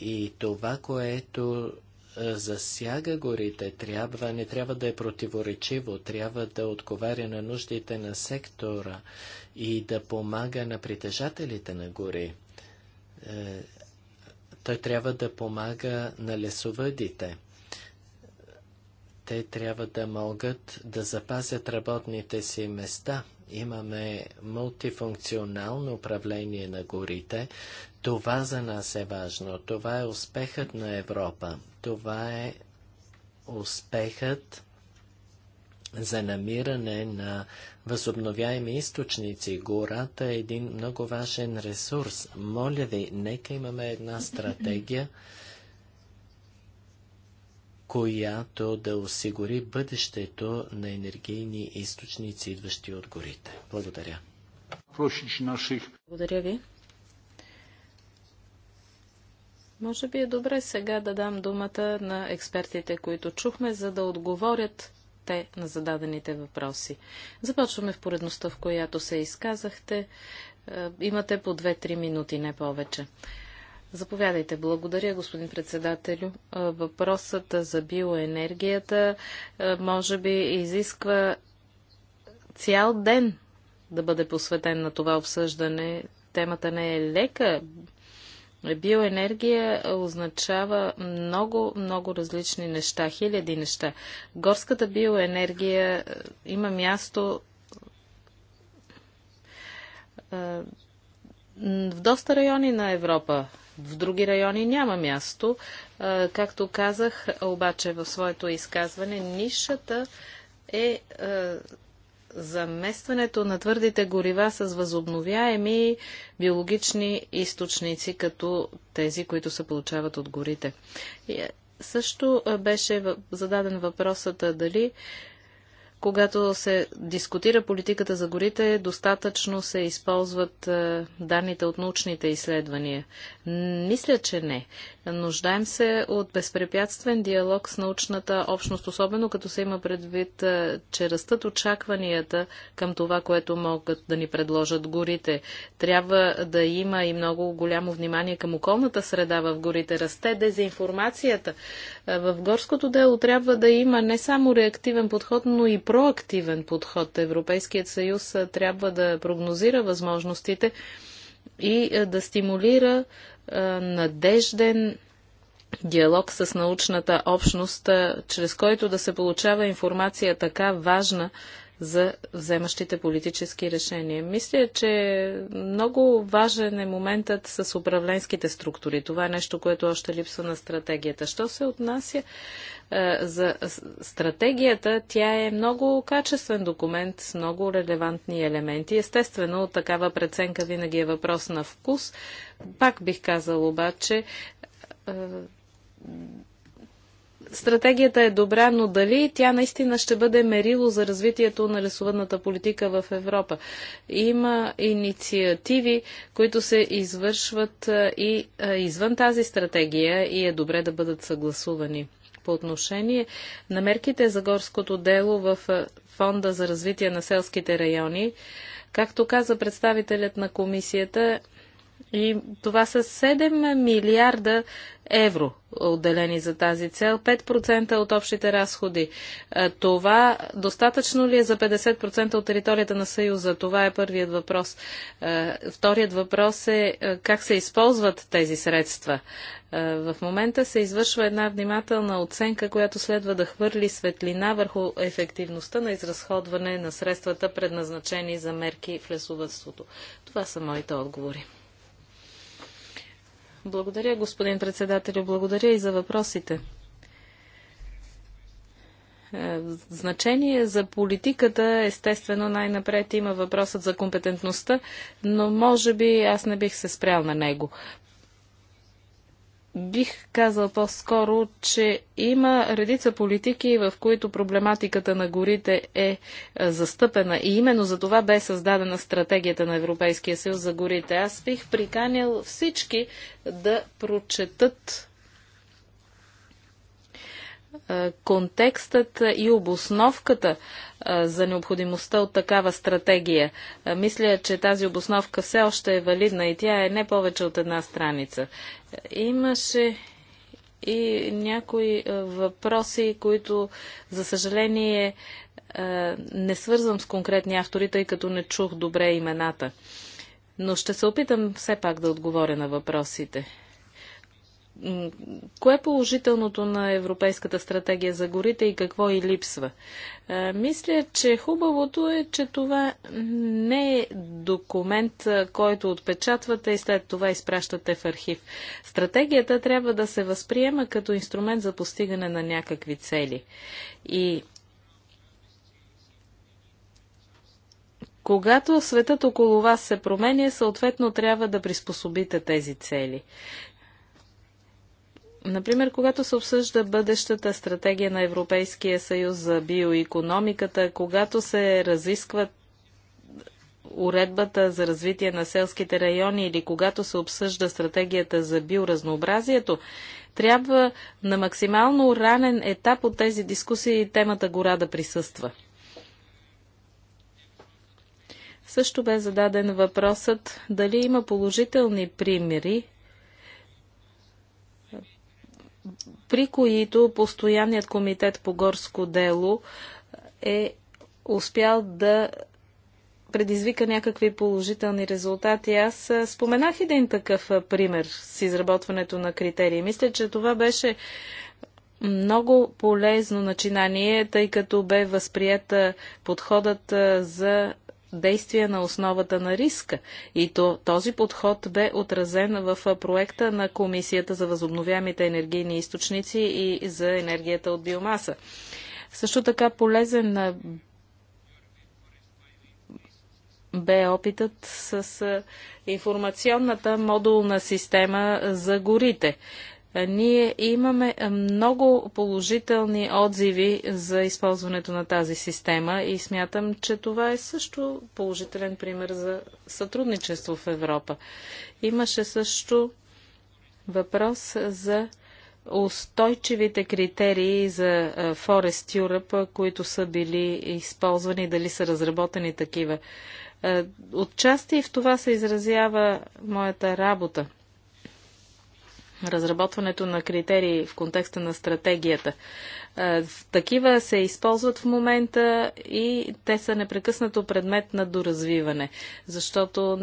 И това, което засяга горите, трябва, не трябва да е противоречиво, трябва да отговаря на нуждите на сектора и да помага на притежателите на гори. Е, той трябва да помага на лесовъдите. Те трябва да могат да запазят работните си места. Имаме мултифункционално управление на горите, това за нас е важно. Това е успехът на Европа. Това е успехът за намиране на възобновяеми източници. Гората е един много важен ресурс. Моля ви, нека имаме една стратегия, която да осигури бъдещето на енергийни източници, идващи от горите. Благодаря. Благодаря ви. Може би е добре сега да дам думата на експертите, които чухме, за да отговорят те на зададените въпроси. Започваме в поредността, в която се изказахте. Е, имате по 2-3 минути, не повече. Заповядайте. Благодаря, господин председателю. Е, въпросът за биоенергията е, може би изисква цял ден да бъде посветен на това обсъждане. Темата не е лека. Биоенергия означава много, много различни неща, хиляди неща. Горската биоенергия е, има място е, в доста райони на Европа. В други райони няма място. Е, както казах, обаче в своето изказване, нишата е заместването на твърдите горива с възобновяеми биологични източници, като тези, които се получават от горите. И е, също е, беше зададен въпросът е, дали когато се дискутира политиката за горите, достатъчно се използват данните от научните изследвания. Мисля, че не. Нуждаем се от безпрепятствен диалог с научната общност, особено като се има предвид, че растат очакванията към това, което могат да ни предложат горите. Трябва да има и много голямо внимание към околната среда в горите. Расте дезинформацията. В горското дело трябва да има не само реактивен подход, но и проактивен подход. Европейският съюз трябва да прогнозира възможностите и да стимулира е, надежден диалог с научната общност, е, чрез който да се получава информация така важна за вземащите политически решения. Мисля, че много важен е моментът с управленските структури. Това е нещо, което още липсва на стратегията. Що се отнася е, за стратегията, тя е много качествен документ с много релевантни елементи. Естествено, такава преценка винаги е въпрос на вкус. Пак бих казал обаче, е, стратегията е добра, но дали тя наистина ще бъде мерило за развитието на лесовъдната политика в Европа? Има инициативи, които се извършват е, и извън тази стратегия и е добре да бъдат съгласувани. По отношение на мерките за горското дело в Фонда за развитие на селските райони, както каза представителят на комисията, и това са 7 милиарда евро отделени за тази цел, 5% от общите разходи. Това достатъчно ли е за 50% от територията на Съюза? Това е първият въпрос. Вторият въпрос е как се използват тези средства. В момента се извършва една внимателна оценка, която следва да хвърли светлина върху ефективността на изразходване на средствата, предназначени за мерки в лесовътството. Това са моите отговори. Благодаря, господин председател, Благодаря и за въпросите. Е, значение за политиката, естествено, най-напред има въпросът за компетентността, но може би аз не бих се спрял на него бих казал по-скоро, че има редица политики, в които проблематиката на горите е, е застъпена. И именно за това бе създадена стратегията на Европейския съюз за горите. Аз бих приканял всички да прочетат е, контекстът и обосновката е, за необходимостта от такава стратегия. Е, мисля, че тази обосновка все още е валидна и тя е не повече от една страница. Имаше и някои въпроси, които, за съжаление, не свързвам с конкретни автори, тъй като не чух добре имената. Но ще се опитам все пак да отговоря на въпросите. Кое е положителното на Европейската стратегия за горите и какво и липсва? Е, мисля, че хубавото е, че това не е документ, е, който отпечатвате и след това изпращате в архив. Стратегията трябва да се възприема като инструмент за постигане на някакви цели. И Когато светът около вас се променя, съответно трябва да приспособите тези цели. Например, когато се обсъжда бъдещата стратегия на Европейския съюз за биоекономиката, когато се разискват уредбата за развитие на селските райони или когато се обсъжда стратегията за биоразнообразието, трябва на максимално ранен етап от тези дискусии темата гора да присъства. Също бе зададен въпросът дали има положителни примери при които постоянният комитет по горско дело е успял да предизвика някакви положителни резултати. Аз споменах един такъв пример с изработването на критерии. Мисля, че това беше много полезно начинание, тъй като бе възприят подходът за действия на основата на риска. И то, този подход бе отразен в проекта на Комисията за възобновяемите енергийни източници и за енергията от биомаса. Също така полезен бе опитът с информационната модулна система за горите. Е, ние имаме е, много положителни отзиви за използването на тази система и смятам, че това е също положителен пример за сътрудничество в Европа. Имаше също въпрос за устойчивите критерии за е, Forest Europe, които са били използвани, дали са разработени такива. Отчасти в това се изразява моята работа разработването на критерии в контекста на стратегията. Такива се използват в момента и те са непрекъснато предмет на доразвиване, защото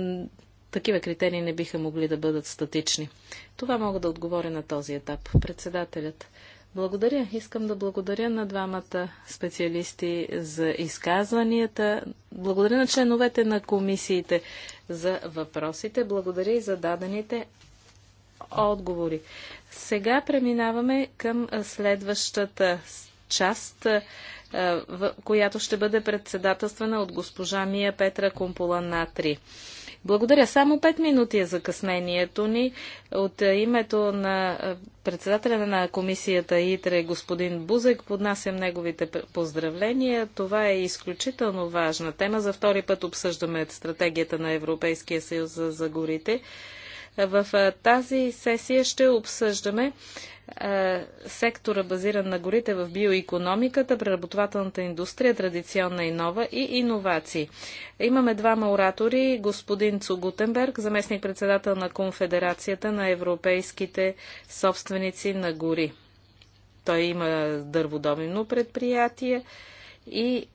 такива критерии не биха могли да бъдат статични. Това мога да отговоря на този етап. Председателят. Благодаря. Искам да благодаря на двамата специалисти за изказванията. Благодаря на членовете на комисиите за въпросите. Благодаря и за дадените отговори. Сега преминаваме към следващата част, която ще бъде председателствана от госпожа Мия Петра Компула Натри. Благодаря. Само 5 минути е закъснението ни. От името на председателя на комисията ИТРЕ, господин Бузек, поднасям е неговите поздравления. Това е изключително важна тема. За втори път обсъждаме стратегията на Европейския съюз за, за горите. В тази сесия ще обсъждаме сектора базиран на горите в биоекономиката, преработвателната индустрия, традиционна и нова и иновации. Имаме двама оратори, господин Цугутенберг, заместник-председател на Конфедерацията на европейските собственици на гори. Той има дърводобивно предприятие и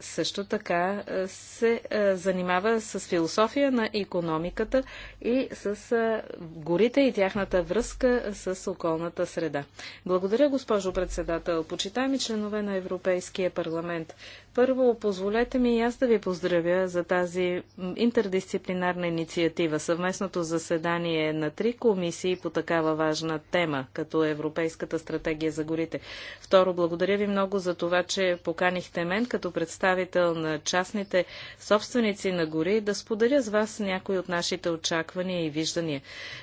също така се занимава с философия на економиката и с горите и тяхната връзка с околната среда. Благодаря, госпожо председател. Почитаеми членове на Европейския парламент, първо, позволете ми и аз да ви поздравя за тази интердисциплинарна инициатива, съвместното заседание на три комисии по такава важна тема, като Европейската стратегия за горите. Второ, благодаря ви много за това, че поканихте мен като представител на частните собственици на гори да споделя с вас някои от нашите очаквания и виждания.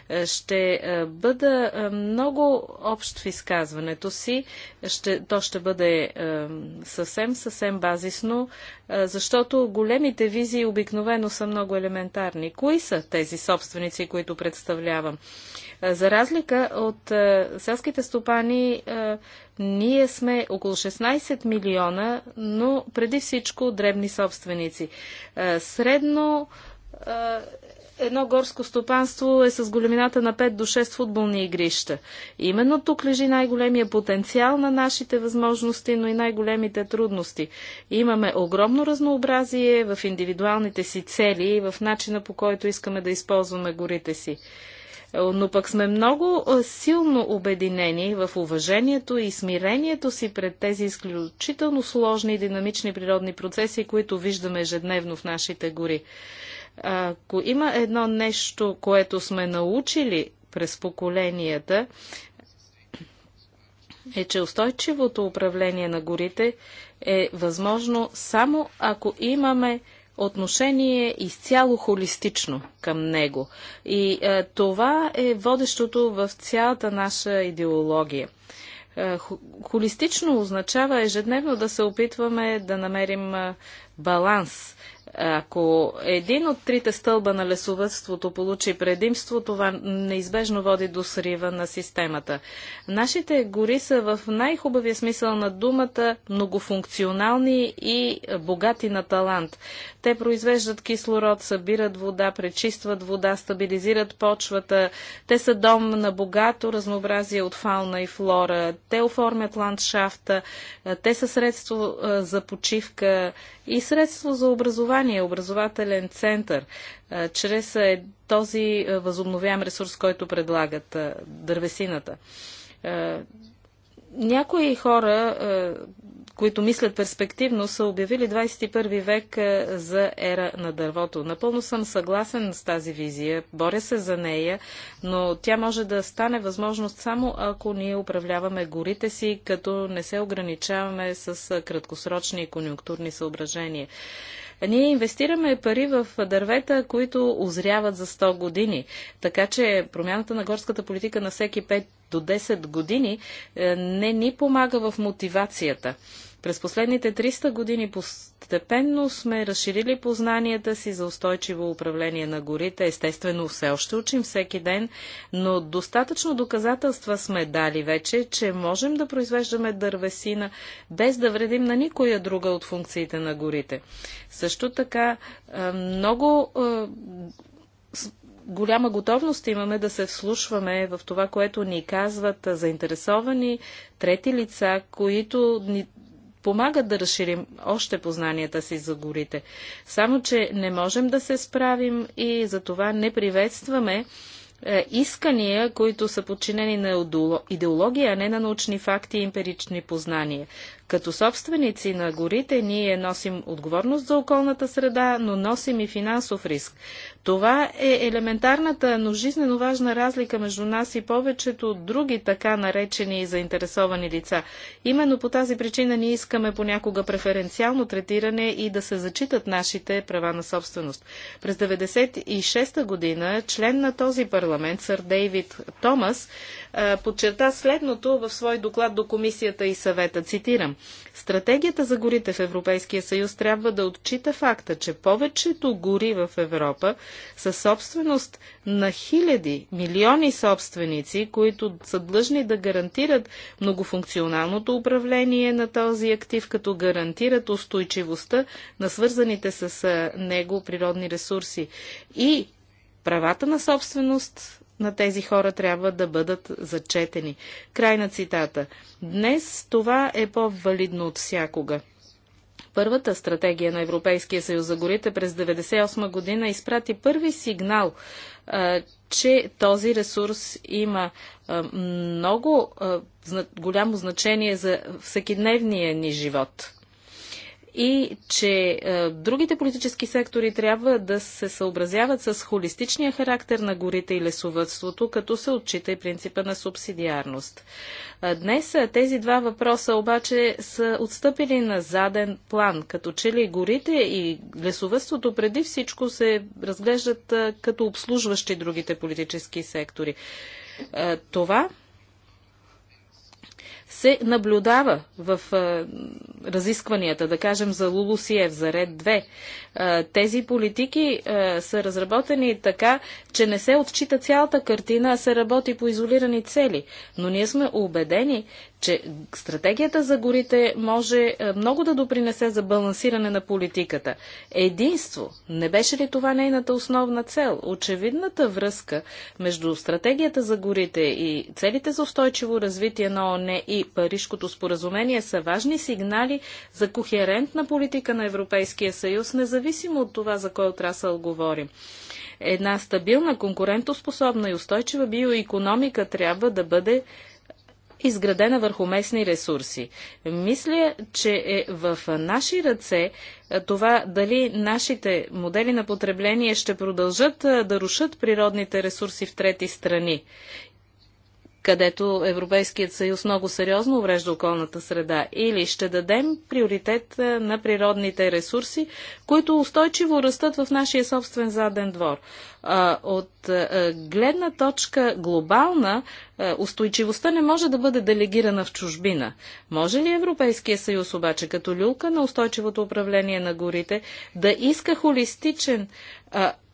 Е, ще е, бъда е, много общ в изказването си, ще, то ще бъде съвсем, съвсем база базисно, защото големите визии обикновено са много елементарни. Кои са тези собственици, които представлявам? За разлика от селските стопани, ние сме около 16 милиона, но преди всичко дребни собственици. Средно едно горско стопанство е с големината на 5 до 6 футболни игрища. Именно тук лежи най-големия потенциал на нашите възможности, но и най-големите трудности. Имаме огромно разнообразие в индивидуалните си цели и в начина по който искаме да използваме горите си. Но пък сме много силно обединени в уважението и смирението си пред тези изключително сложни и динамични природни процеси, които виждаме ежедневно в нашите гори. Ако има едно нещо, което сме научили през поколенията, е, че устойчивото управление на горите е възможно само ако имаме отношение изцяло холистично към него. И е, това е водещото в цялата наша идеология. Е, холистично означава ежедневно да се опитваме да намерим е, баланс ако един от трите стълба на лесовътството получи предимство, това неизбежно води до срива на системата. Нашите гори са в най-хубавия смисъл на думата многофункционални и богати на талант. Те произвеждат кислород, събират вода, пречистват вода, стабилизират почвата. Те са дом на богато разнообразие от фауна и флора. Те оформят ландшафта. Те са средство за почивка и средство за образование образование, образователен център, чрез е, този възобновяем ресурс, който предлагат дървесината. Някои хора, които мислят перспективно, са обявили 21 век за ера на дървото. Напълно съм съгласен с тази визия, боря се за нея, но тя може да стане възможност само ако ние управляваме горите си, като не се ограничаваме с краткосрочни и конюнктурни съображения. Ние инвестираме пари в дървета, които озряват за 100 години. Така че промяната на горската политика на всеки 5 до 10 години е, не ни помага в мотивацията. През последните 300 години постепенно сме разширили познанията си за устойчиво управление на горите. Естествено, все още учим всеки ден, но достатъчно доказателства сме дали вече, че можем да произвеждаме дървесина без да вредим на никоя друга от функциите на горите. Също така, много голяма готовност имаме да се вслушваме в това, което ни казват заинтересовани трети лица, които ни помагат да разширим още познанията си за горите. Само, че не можем да се справим и за това не приветстваме е, искания, които са подчинени на идеология, а не на научни факти и емпирични познания. Като собственици на горите ние носим отговорност за околната среда, но носим и финансов риск. Това е елементарната, но жизненно важна разлика между нас и повечето от други така наречени и заинтересовани лица. Именно по тази причина ние искаме понякога преференциално третиране и да се зачитат нашите права на собственост. През 1996 година член на този парламент, сър Дейвид Томас, подчерта следното в свой доклад до комисията и съвета. Цитирам. Стратегията за горите в Европейския съюз трябва да отчита факта, че повечето гори в Европа са собственост на хиляди, милиони собственици, които са длъжни да гарантират многофункционалното управление на този актив, като гарантират устойчивостта на свързаните с него природни ресурси и правата на собственост на тези хора трябва да бъдат зачетени. Край на цитата. Днес това е по-валидно от всякога. Първата стратегия на Европейския съюз за горите през 1998 година изпрати първи сигнал, че този ресурс има много голямо значение за всекидневния ни живот и че е, другите политически сектори трябва да се съобразяват с холистичния характер на горите и лесовътството, като се отчита и принципа на субсидиарност. Е, днес е, тези два въпроса обаче са отстъпили на заден план, като че ли горите и лесовътството преди всичко се разглеждат е, като обслужващи другите политически сектори. това се наблюдава в а, разискванията, да кажем за Лулусиев, за Ред 2. А, тези политики а, са разработени така, че не се отчита цялата картина, а се работи по изолирани цели. Но ние сме убедени, че стратегията за горите може е, много да допринесе за балансиране на политиката. Единство, не беше ли това нейната основна цел? Очевидната връзка между стратегията за горите и целите за устойчиво развитие на ООН и Парижкото споразумение са важни сигнали за кохерентна политика на Европейския съюз, независимо от това за кой отрасъл говорим. Една стабилна, конкурентоспособна и устойчива биоекономика трябва да бъде изградена върху местни ресурси. Мисля, че е в наши ръце е, това дали нашите модели на потребление ще продължат е, да рушат природните ресурси в трети страни където Европейският съюз много сериозно уврежда околната среда? Или ще дадем приоритет на природните ресурси, които устойчиво растат в нашия собствен заден двор? От гледна точка глобална, устойчивостта не може да бъде делегирана в чужбина. Може ли Европейския съюз обаче, като люлка на устойчивото управление на горите, да иска холистичен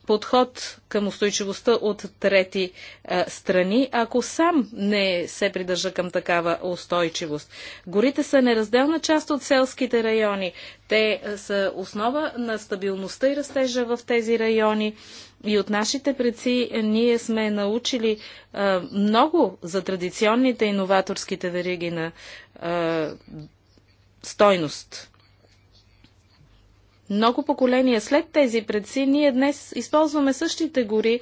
подход към устойчивостта от трети а, е, страни, ако сам не се придържа към такава устойчивост. Горите са неразделна част от селските райони. Те е, са основа на стабилността и растежа в тези райони. И от нашите предци е, ние сме научили а, много за традиционните иноваторските вериги на стойност много поколения след тези предци, ние днес използваме същите гори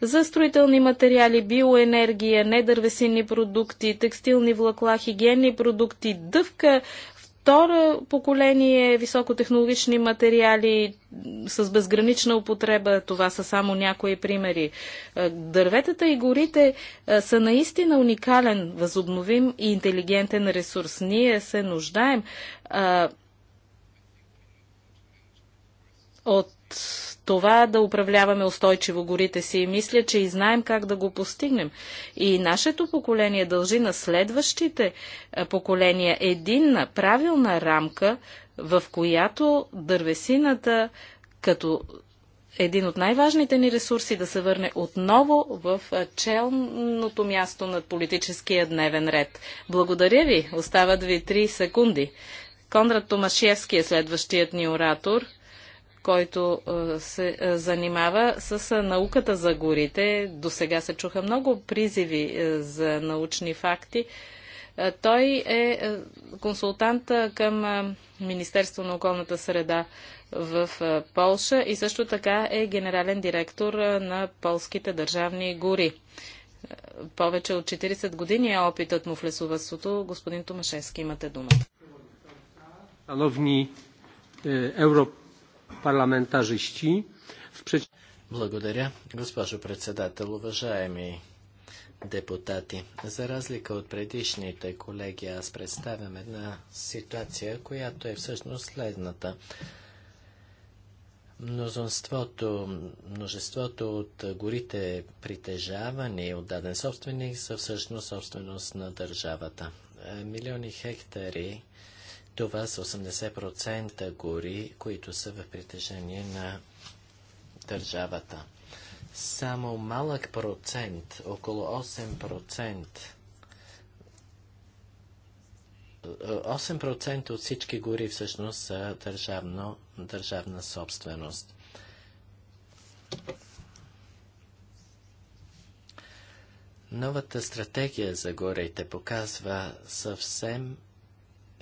за строителни материали, биоенергия, недървесинни продукти, текстилни влакла, хигиенни продукти, дъвка, второ поколение високотехнологични материали с безгранична употреба. Това са само някои примери. Е, дърветата и горите е, са наистина уникален, възобновим и интелигентен ресурс. Ние се нуждаем е, от това да управляваме устойчиво горите си и мисля, че и знаем как да го постигнем. И нашето поколение дължи на следващите поколения единна, правилна рамка, в която дървесината като един от най-важните ни ресурси да се върне отново в челното място на политическия дневен ред. Благодаря ви. Остават ви 3 секунди. Конрад Томашевски е следващият ни оратор – който се занимава с науката за горите. До сега се чуха много призиви за научни факти. Той е консултант към Министерство на околната среда в Полша и също така е генерален директор на полските държавни гори. Повече от 40 години е опитът му в лесовътството. Господин Томашевски, имате думата. Шановни е, Европа, парламентаристи. Благодаря, госпожо председател, уважаеми депутати. За разлика от предишните колеги, аз представям една ситуация, която е всъщност следната. Мнозинството, множеството от горите притежавани от даден собственик са всъщност собственост на държавата. Е, милиони хектари това са 80% гори, които са в притежание на държавата. Само малък процент, около 8%, 8% от всички гори всъщност са държавно, държавна собственост. Новата стратегия за горите показва съвсем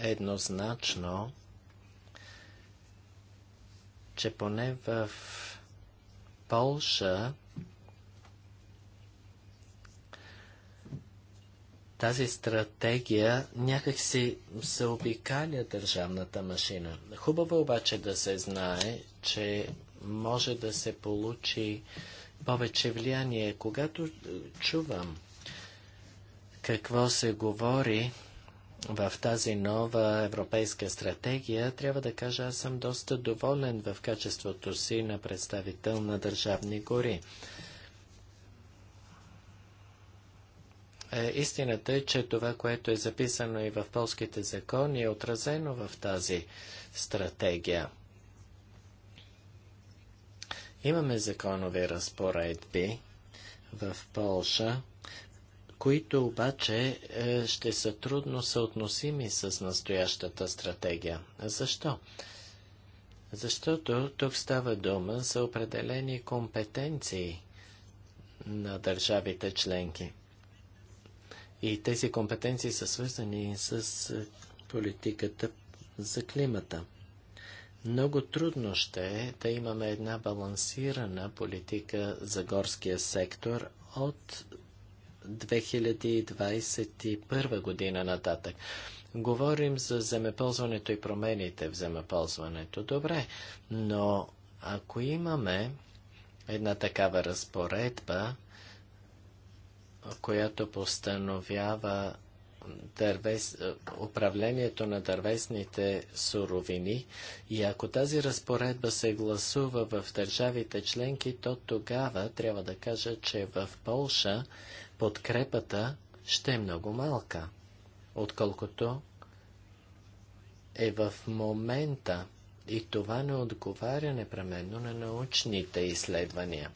еднозначно, че поне в Полша тази стратегия някакси се обикаля държавната машина. Хубаво е обаче да се знае, че може да се получи повече влияние. Когато чувам какво се говори в тази нова европейска стратегия, трябва да кажа, аз съм доста доволен в качеството си на представител на държавни гори. Е, истината е, че това, което е записано и в полските закони, е отразено в тази стратегия. Имаме законови разпоредби в Полша, които обаче е, ще са трудно съотносими с настоящата стратегия. Защо? Защото тук става дума за определени компетенции на държавите членки. И тези компетенции са свързани с е, политиката за климата. Много трудно ще е да имаме една балансирана политика за горския сектор от 2021 година нататък. Говорим за земеползването и промените в земеползването. Добре, но ако имаме една такава разпоредба, която постановява дървес, управлението на дървесните суровини и ако тази разпоредба се гласува в държавите членки, то тогава трябва да кажа, че в Полша подкрепата ще е много малка, отколкото е в момента и това не отговаря непременно на научните изследвания.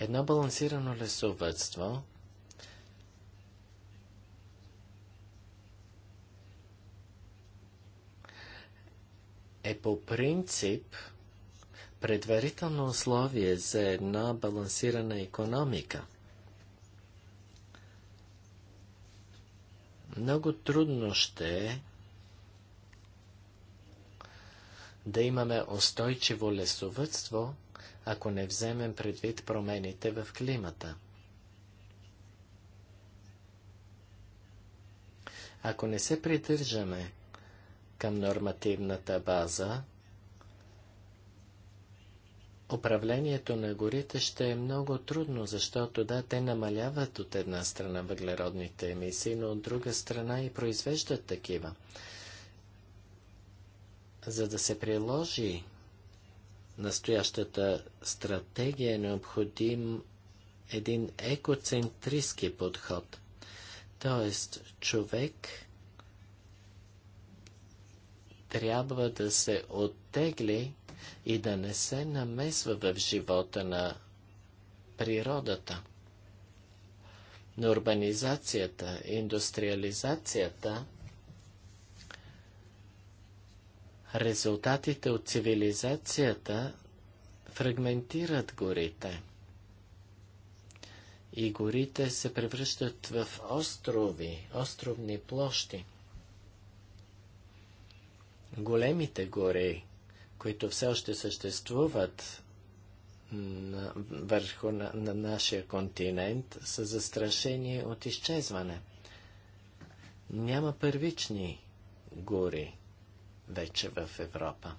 Едно балансирано лесовътство е по принцип предварително условие за една балансирана економика. Много трудно ще е да имаме устойчиво лесовътство, ако не вземем предвид промените в климата. Ако не се придържаме към нормативната база, управлението на горите ще е много трудно, защото да, те намаляват от една страна въглеродните емисии, но от друга страна и произвеждат такива. За да се приложи настоящата стратегия е необходим един екоцентристски подход. Тоест, човек трябва да се оттегли и да не се намесва в живота на природата. На урбанизацията, индустриализацията, резултатите от цивилизацията фрагментират горите. И горите се превръщат в острови, островни площи. Големите гори които все още съществуват на, върху на, на нашия континент, са застрашени от изчезване. Няма първични гори вече в Европа.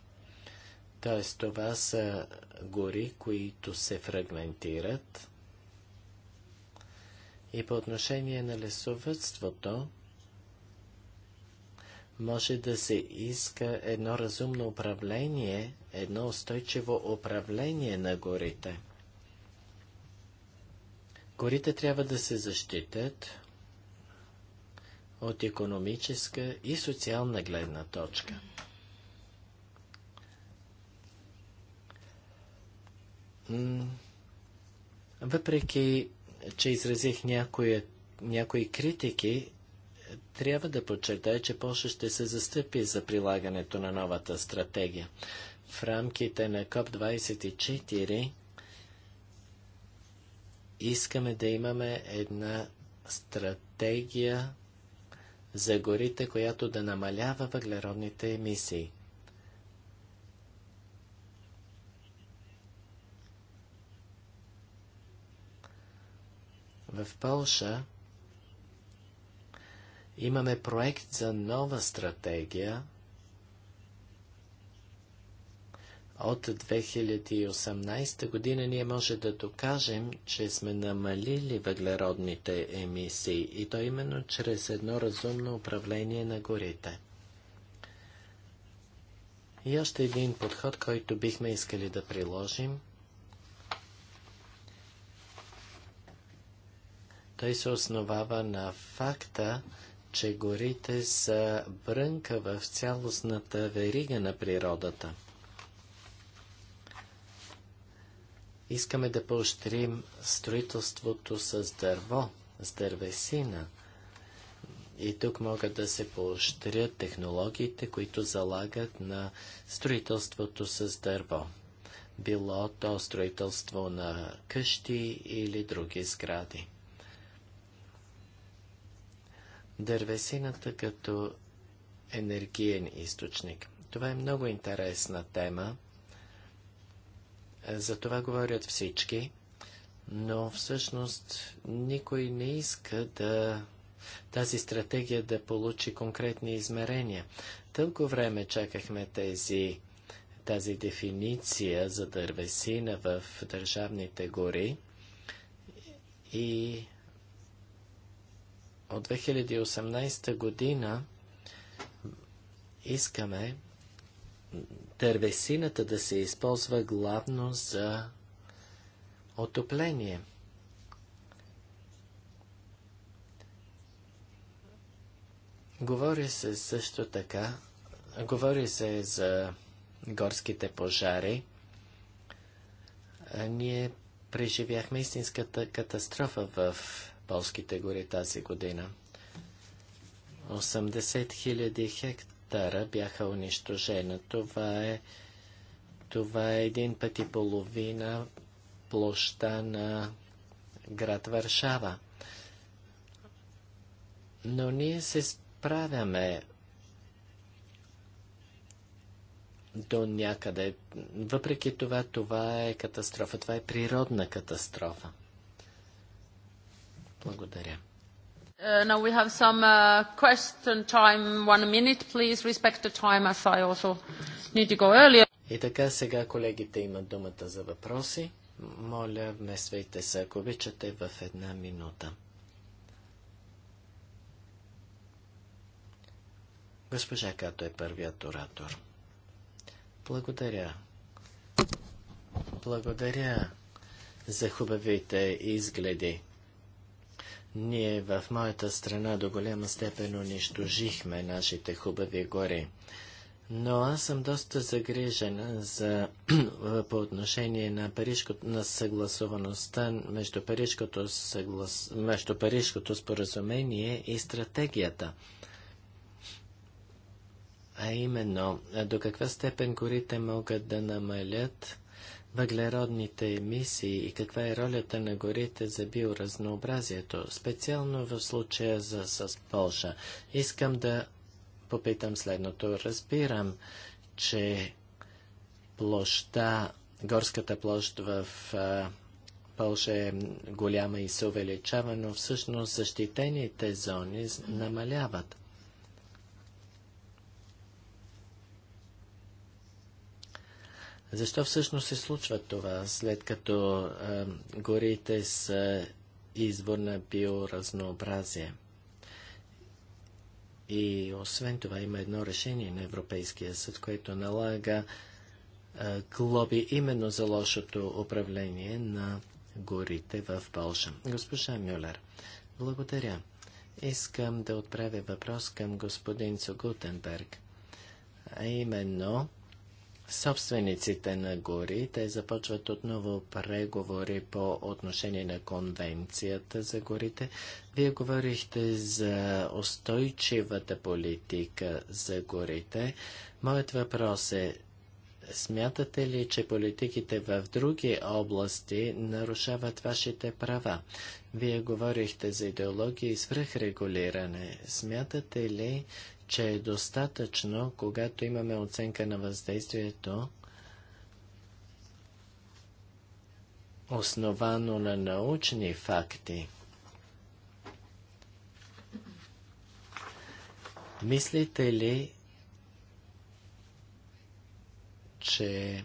Т.е. това са гори, които се фрагментират. И по отношение на лесовътството, може да се иска едно разумно управление, едно устойчиво управление на горите. Горите трябва да се защитят от економическа и социална гледна точка. Въпреки, че изразих някои, някои критики, трябва да подчертая, че Польша ще се застъпи за прилагането на новата стратегия. В рамките на КОП-24 искаме да имаме една стратегия за горите, която да намалява въглеродните емисии. В Полша Имаме проект за нова стратегия от 2018 година ние може да докажем, че сме намалили въглеродните емисии и то именно чрез едно разумно управление на горите. И още един подход, който бихме искали да приложим. Той се основава на факта, че горите са брънка в цялостната верига на природата. Искаме да поощрим строителството с дърво, с дървесина. И тук могат да се поощрят технологиите, които залагат на строителството с дърво. Било то строителство на къщи или други сгради. дървесината като енергиен източник. Това е много интересна тема. За това говорят всички, но всъщност никой не иска да тази стратегия да получи конкретни измерения. Тълко време чакахме тези, тази дефиниция за дървесина в държавните гори и от 2018 година искаме дървесината да се използва главно за отопление. Говори се също така, говори се за горските пожари. Ние преживяхме истинската катастрофа в полските гори тази година. 80 000 хектара бяха унищожени. Това е, това е един път и половина площа на град Варшава. Но ние се справяме до някъде. Въпреки това, това е катастрофа. Това е природна катастрофа. Благодаря. Uh, now we have some uh, question time, one minute, please respect the time as I also need to go earlier. И така сега колегите имат думата за въпроси. Моля, вмествайте се, ако обичате, в една минута. Госпожа Като е първият оратор. Благодаря. Благодаря за хубавите изгледи. Ние в моята страна до голяма степен унищожихме нашите хубави гори. Но аз съм доста загрижен за, по отношение на, парижко, на съгласуваността между парижкото, съглас, между парижкото споразумение и стратегията. А именно, до каква степен горите могат да намалят въглеродните емисии и каква е ролята на горите за биоразнообразието, специално в случая за, с Полша. Искам да попитам следното. Разбирам, че площа, горската площ в а, Полша е голяма и се увеличава, но всъщност защитените зони намаляват. Защо всъщност се случва това, след като е, горите са извор на биоразнообразие? И освен това има едно решение на Европейския съд, което налага е, глоби именно за лошото управление на горите в Польша. Госпожа Мюлер, благодаря. Искам да отправя въпрос към господин Цогутенберг. а именно собствениците на гори. Те започват отново преговори по отношение на конвенцията за горите. Вие говорихте за устойчивата политика за горите. Моят въпрос е, смятате ли, че политиките в други области нарушават вашите права? Вие говорихте за идеология и свръхрегулиране. Смятате ли, че е достатъчно, когато имаме оценка на въздействието, основано на научни факти. Мислите ли, че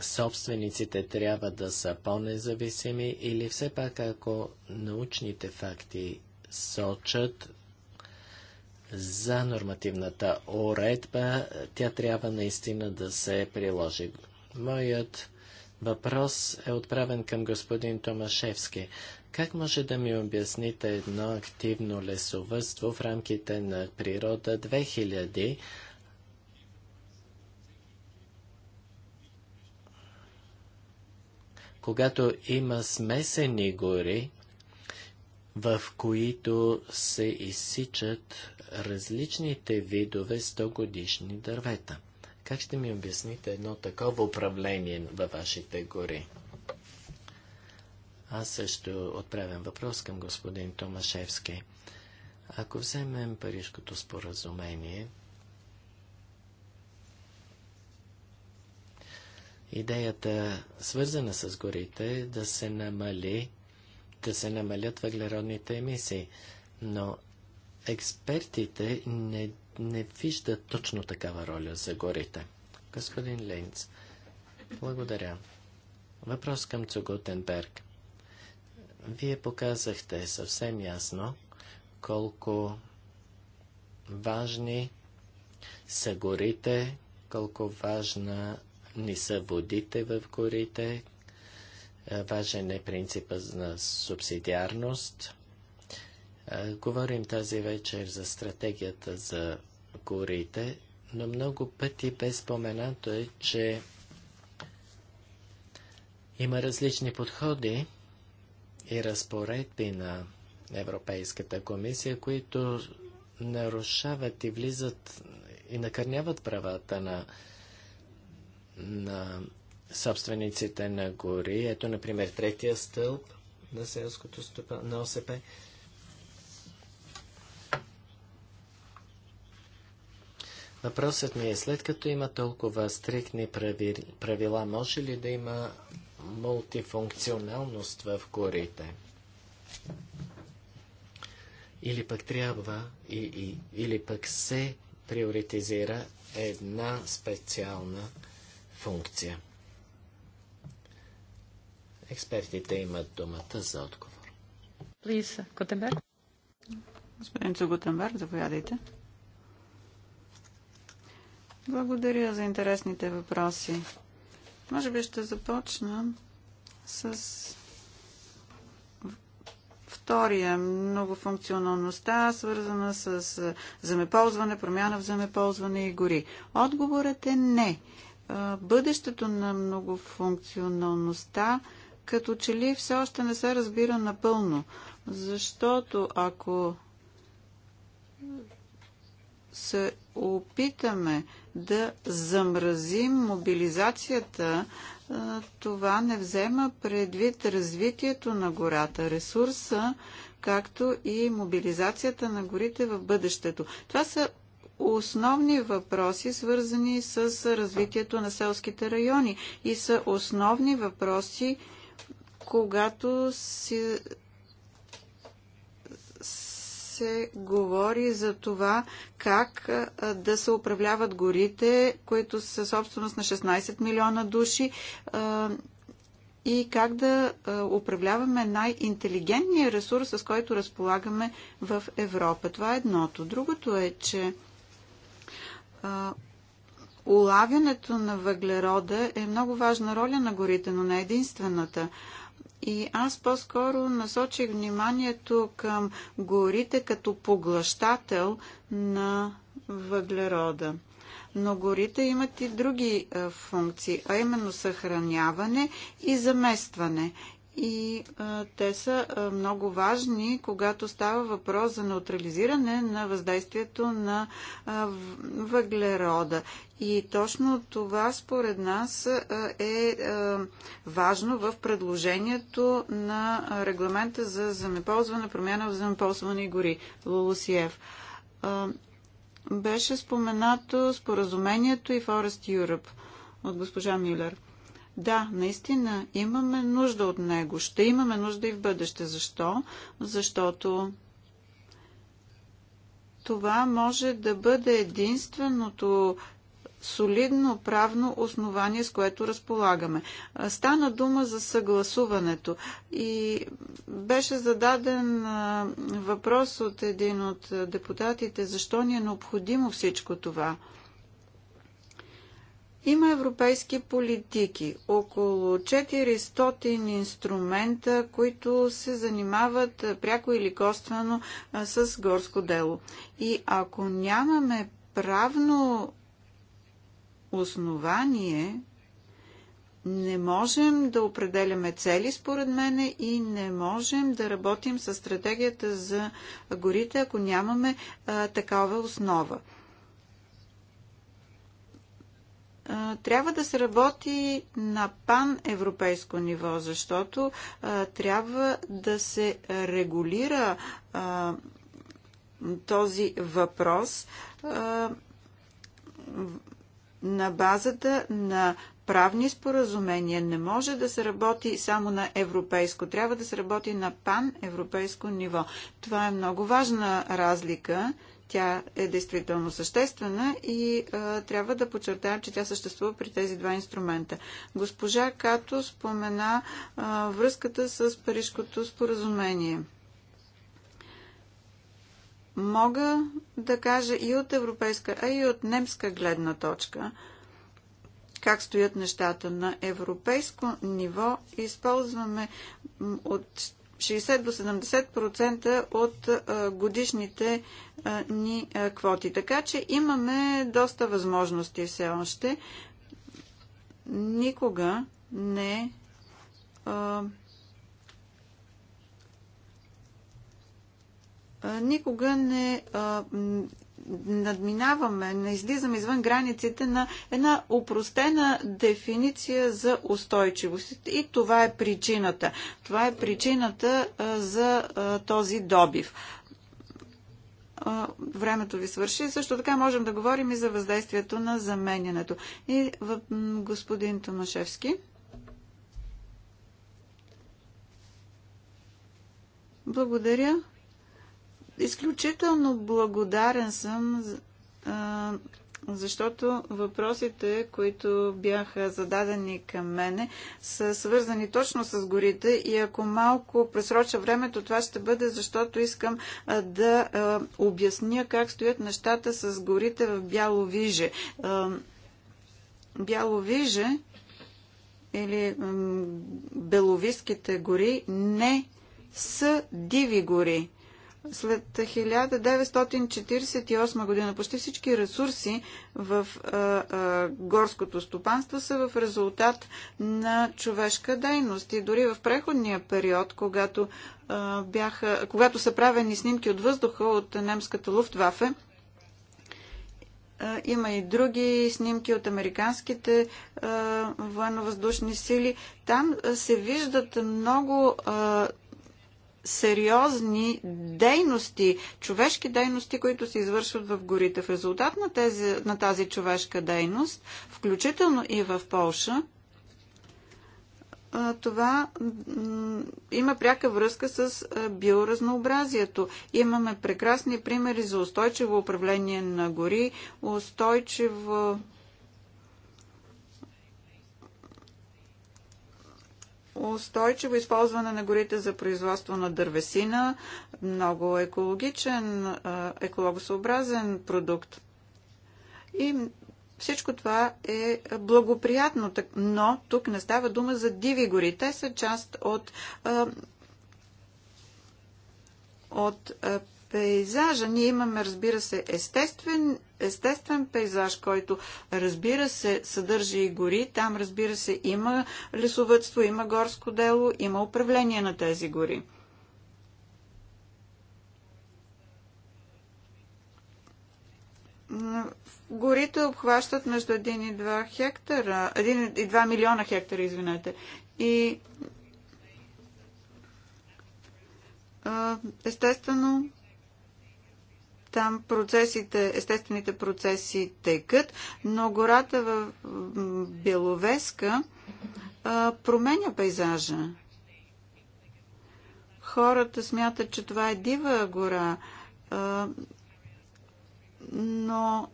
собствениците трябва да са по-независими или все пак ако научните факти сочат за нормативната уредба, тя трябва наистина да се приложи. Моят въпрос е отправен към господин Томашевски. Как може да ми обясните едно активно лесовътство в рамките на природа 2000, когато има смесени гори, в които се изсичат различните видове 100 годишни дървета. Как ще ми обясните едно такова управление във вашите гори? Аз също отправям въпрос към господин Томашевски. Ако вземем Парижкото споразумение, идеята, свързана с горите, е да се намали да се намалят въглеродните емисии. Но експертите не, не виждат точно такава роля за горите. Господин Лейнц, благодаря. Въпрос към Цугутенберг. Вие показахте съвсем ясно колко важни са горите, колко важна ни са водите в горите, е, важен е принципа на субсидиарност. Е, говорим тази вечер за стратегията за горите, но много пъти без споменато е, че има различни подходи и разпоредби на Европейската комисия, които нарушават и влизат и накърняват правата на, на собствениците на гори. Ето, например, третия стълб на селското стъпа на ОСП. Въпросът ми е, след като има толкова стриктни правила, може ли да има мултифункционалност в горите? Или пък трябва, и, и, или пък се приоритизира една специална функция? Експертите имат думата за отговор. Please, Котенберг. Господин Цугутенберг, заповядайте. Благодаря за интересните въпроси. Може би ще започна с втория многофункционалността, свързана с земеползване, промяна в земеползване и гори. Отговорът е не. Бъдещето на многофункционалността като че ли все още не се разбира напълно. Защото ако се опитаме да замразим мобилизацията, това не взема предвид развитието на гората, ресурса, както и мобилизацията на горите в бъдещето. Това са основни въпроси, свързани с развитието на селските райони и са основни въпроси, когато си, се говори за това как да се управляват горите, които са собственост на 16 милиона души и как да управляваме най-интелигентния ресурс, с който разполагаме в Европа. Това е едното. Другото е, че улавянето на въглерода е много важна роля на горите, но не е единствената. И аз по-скоро насочих вниманието към горите като поглъщател на въглерода. Но горите имат и други функции, а именно съхраняване и заместване и а, те са а, много важни, когато става въпрос за неутрализиране на въздействието на а, въглерода. И точно това според нас е важно в предложението на регламента за земеползване, промяна в земеползване и гори, Лулусиев. Беше споменато споразумението и Forest Europe от госпожа Милер. Да, наистина имаме нужда от него. Ще имаме нужда и в бъдеще. Защо? Защото това може да бъде единственото солидно правно основание, с което разполагаме. Стана дума за съгласуването и беше зададен въпрос от един от депутатите, защо ни е необходимо всичко това – има европейски политики, около 400 инструмента, които се занимават е, пряко или коствено е, с горско дело. И ако нямаме правно основание, не можем да определяме цели, според мене, и не можем да работим с стратегията за горите, ако нямаме а, е, такава основа трябва да се работи на пан-европейско ниво, защото трябва да се регулира този въпрос на базата на правни споразумения. Не може да се работи само на европейско. Трябва да се работи на пан-европейско ниво. Това е много важна разлика. Тя е действително съществена и а, трябва да подчертаем, че тя съществува при тези два инструмента. Госпожа Като спомена а, връзката с Парижкото споразумение. Мога да кажа и от европейска, а и от немска гледна точка, как стоят нещата на европейско ниво. Използваме от 60 до 70% от годишните ни квоти. Така че имаме доста възможности все още. Никога не никога не надминаваме, не излизаме извън границите на една упростена дефиниция за устойчивост. И това е причината. Това е причината за този добив времето ви свърши. Също така можем да говорим и за въздействието на заменянето. И господин Томашевски. Благодаря. Изключително благодарен съм, защото въпросите, които бяха зададени към мене, са свързани точно с горите и ако малко пресроча времето, това ще бъде, защото искам да обясня как стоят нещата с горите в Бяловиже. Бяловиже или Беловиските гори не са диви гори. След 1948 година почти всички ресурси в а, а, горското стопанство са в резултат на човешка дейност. И дори в преходния период, когато, а, бяха, когато са правени снимки от въздуха от немската Луфтвафе, има и други снимки от американските военно-въздушни сили. Там се виждат много сериозни дейности, човешки дейности, които се извършват в горите. В резултат на, тези, на тази човешка дейност, включително и в Полша, това има пряка връзка с биоразнообразието. Имаме прекрасни примери за устойчиво управление на гори, устойчиво устойчиво използване на горите за производство на дървесина, много екологичен, екологосъобразен продукт. И всичко това е благоприятно, но тук не става дума за диви гори. Те са част от, от пейзажа. Ние имаме, разбира се, естествен естествен пейзаж, който разбира се съдържа и гори. Там разбира се има лесовътство, има горско дело, има управление на тези гори. Горите обхващат между 1 и 2 хектара, 1 и 2 милиона хектара, извинете. И естествено там процесите, естествените процеси текат, но гората в Беловеска променя пейзажа. Хората смятат, че това е дива гора, но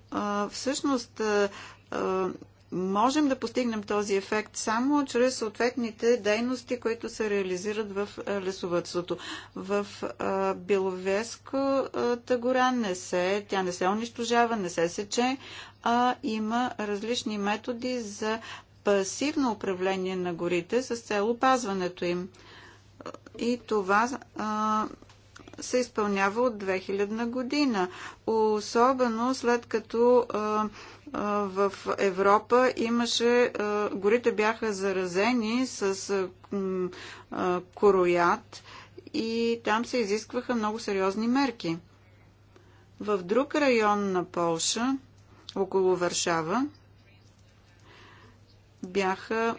всъщност Можем да постигнем този ефект само чрез съответните дейности, които се реализират в лесовътството. В Беловеската гора не се, тя не се унищожава, не се сече, а има различни методи за пасивно управление на горите с цел опазването им. И това а, се изпълнява от 2000 година. Особено след като а, в Европа имаше, горите бяха заразени с короят и там се изискваха много сериозни мерки. В друг район на Полша, около Варшава, бяха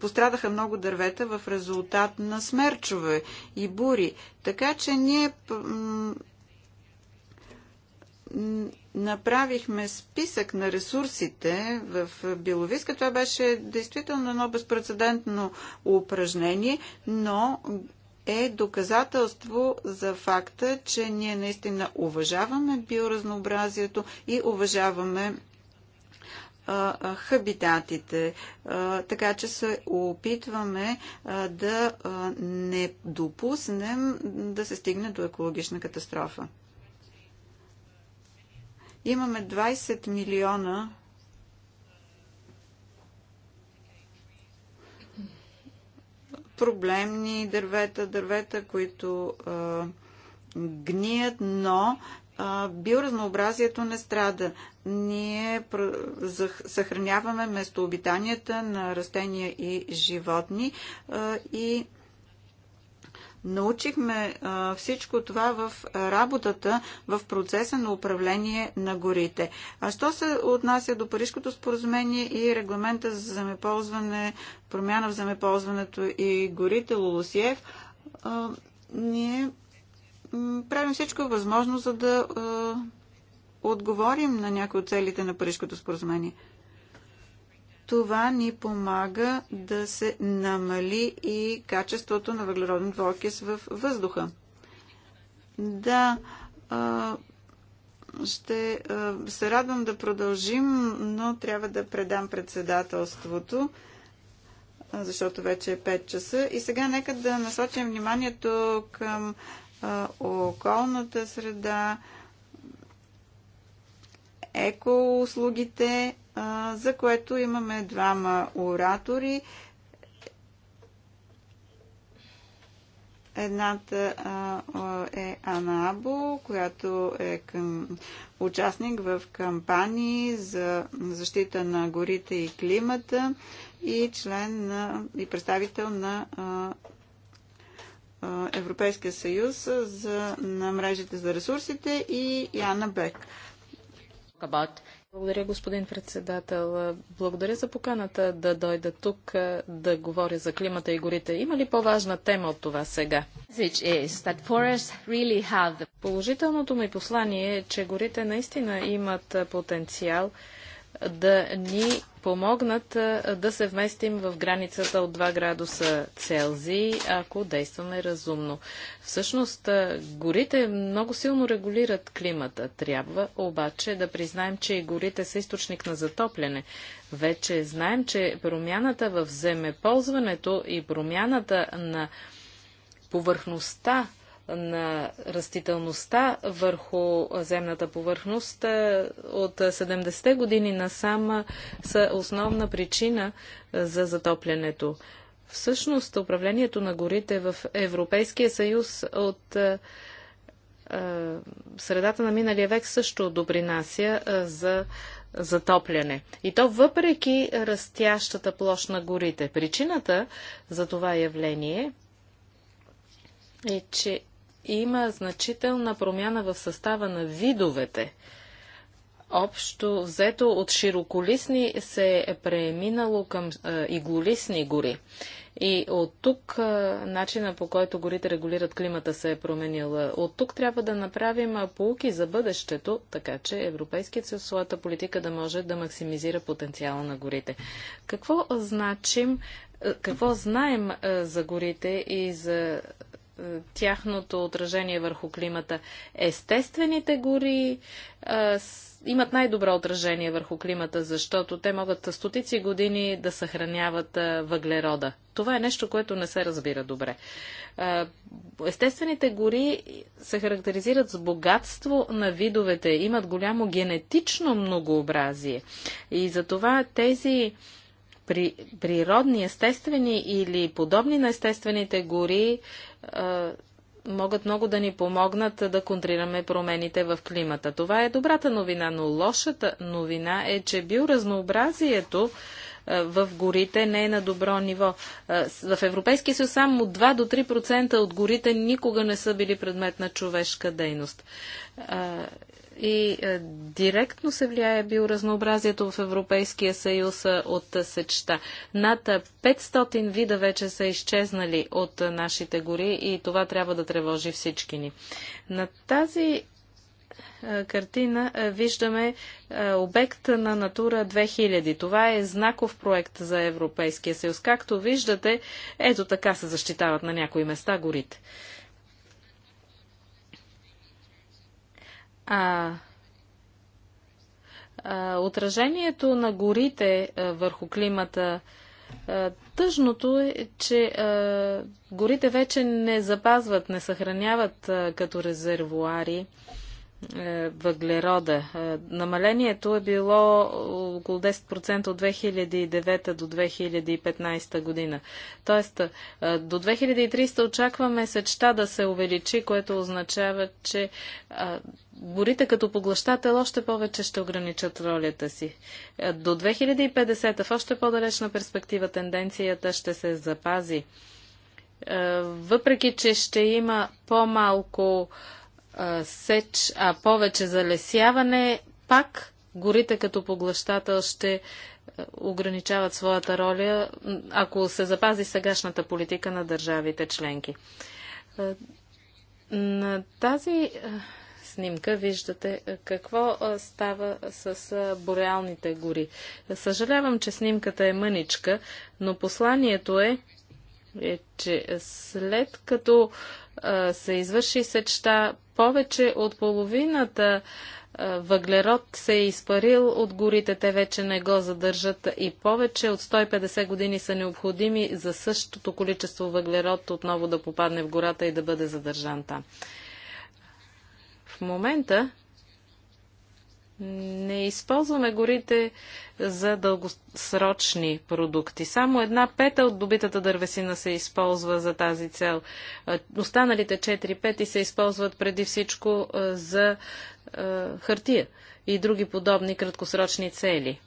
пострадаха много дървета в резултат на смерчове и бури. Така че ние направихме списък на ресурсите в Биловиска. Това беше действително едно безпредседентно упражнение, но е доказателство за факта, че ние наистина уважаваме биоразнообразието и уважаваме хабитатите. така че се опитваме да не допуснем да се стигне до екологична катастрофа. Имаме 20 милиона проблемни дървета, дървета, които а, гният, но а, биоразнообразието не страда. Ние съхраняваме местообитанията на растения и животни а, и Научихме а, всичко това в работата, в процеса на управление на горите. А що се отнася до Парижското споразумение и регламента за земеползване, промяна в земеползването и горите Лолосиев, ние правим всичко възможно, за да а, отговорим на някои от целите на Парижското споразумение. Това ни помага да се намали и качеството на въглероден двуокис в въздуха. Да, ще се радвам да продължим, но трябва да предам председателството, защото вече е 5 часа. И сега нека да насочим вниманието към околната среда, екоуслугите за което имаме двама оратори. Едната е Ана Або, която е към, участник в кампании за защита на горите и климата и член на, и представител на Европейския съюз за, на мрежите за ресурсите и Яна Бек. About благодаря, господин председател. Благодаря за поканата да дойда тук да говоря за климата и горите. Има ли по-важна тема от това сега? Положителното ми послание е, че горите наистина имат потенциал да ни помогнат да се вместим в границата от 2 градуса Целзий, ако действаме разумно. Всъщност, горите много силно регулират климата. Трябва обаче да признаем, че и горите са източник на затопляне. Вече знаем, че промяната в земеползването и промяната на повърхността на растителността върху земната повърхност е, от 70-те години насам са основна причина е, за затоплянето. Всъщност, управлението на горите в Европейския съюз от е, средата на миналия век също допринася за затопляне. И то въпреки растящата площ на горите. Причината за това явление е, че има значителна промяна в състава на видовете. Общо взето от широколисни се е преминало към е, иглолисни гори. И от тук е, начина по който горите регулират климата се е променил. От тук трябва да направим полуки за бъдещето, така че Европейският съюз своята политика да може да максимизира потенциала на горите. Какво значим какво знаем е, за горите и за тяхното отражение върху климата. Естествените гори а, с, имат най-добро отражение върху климата, защото те могат стотици години да съхраняват а, въглерода. Това е нещо, което не се разбира добре. А, естествените гори се характеризират с богатство на видовете, имат голямо генетично многообразие. И затова тези при, природни, естествени или подобни на естествените гори могат много да ни помогнат да контрираме промените в климата. Това е добрата новина, но лошата новина е, че биоразнообразието в горите не е на добро ниво. В Европейския съюз само 2 до 3% от горите никога не са били предмет на човешка дейност и е, директно се влияе биоразнообразието в Европейския съюз е, от е, сечта. Над 500 вида вече са изчезнали от нашите гори и това трябва да тревожи всички ни. На тази картина виждаме обект на Натура 2000. Това е знаков проект за Европейския съюз. Както виждате, ето така се защитават на някои места горите. А, а отражението на горите а, върху климата Тъжното е, че а, горите вече не запазват, не съхраняват а, като резервуари е, въглерода. Е, намалението е било около 10% от 2009 до 2015 година. Тоест, е, до 2300 очакваме сечта да се увеличи, което означава, че горите като поглъщател още повече ще ограничат ролята си. До 2050, в още по-далечна перспектива, тенденцията ще се запази. Въпреки, че ще има по-малко сеч, а повече залесяване, пак горите като поглъщател ще ограничават своята роля, ако се запази сегашната политика на държавите членки. На тази снимка виждате какво става с бореалните гори. Съжалявам, че снимката е мъничка, но посланието е, е, че след като а, се извърши сечта, повече от половината а, въглерод се е изпарил от горите, те вече не го задържат и повече от 150 години са необходими за същото количество въглерод отново да попадне в гората и да бъде задържан там. В момента не използваме горите за дългосрочни продукти. Само една пета от добитата дървесина се използва за тази цел. Останалите 4 пети се използват преди всичко за хартия и други подобни краткосрочни цели.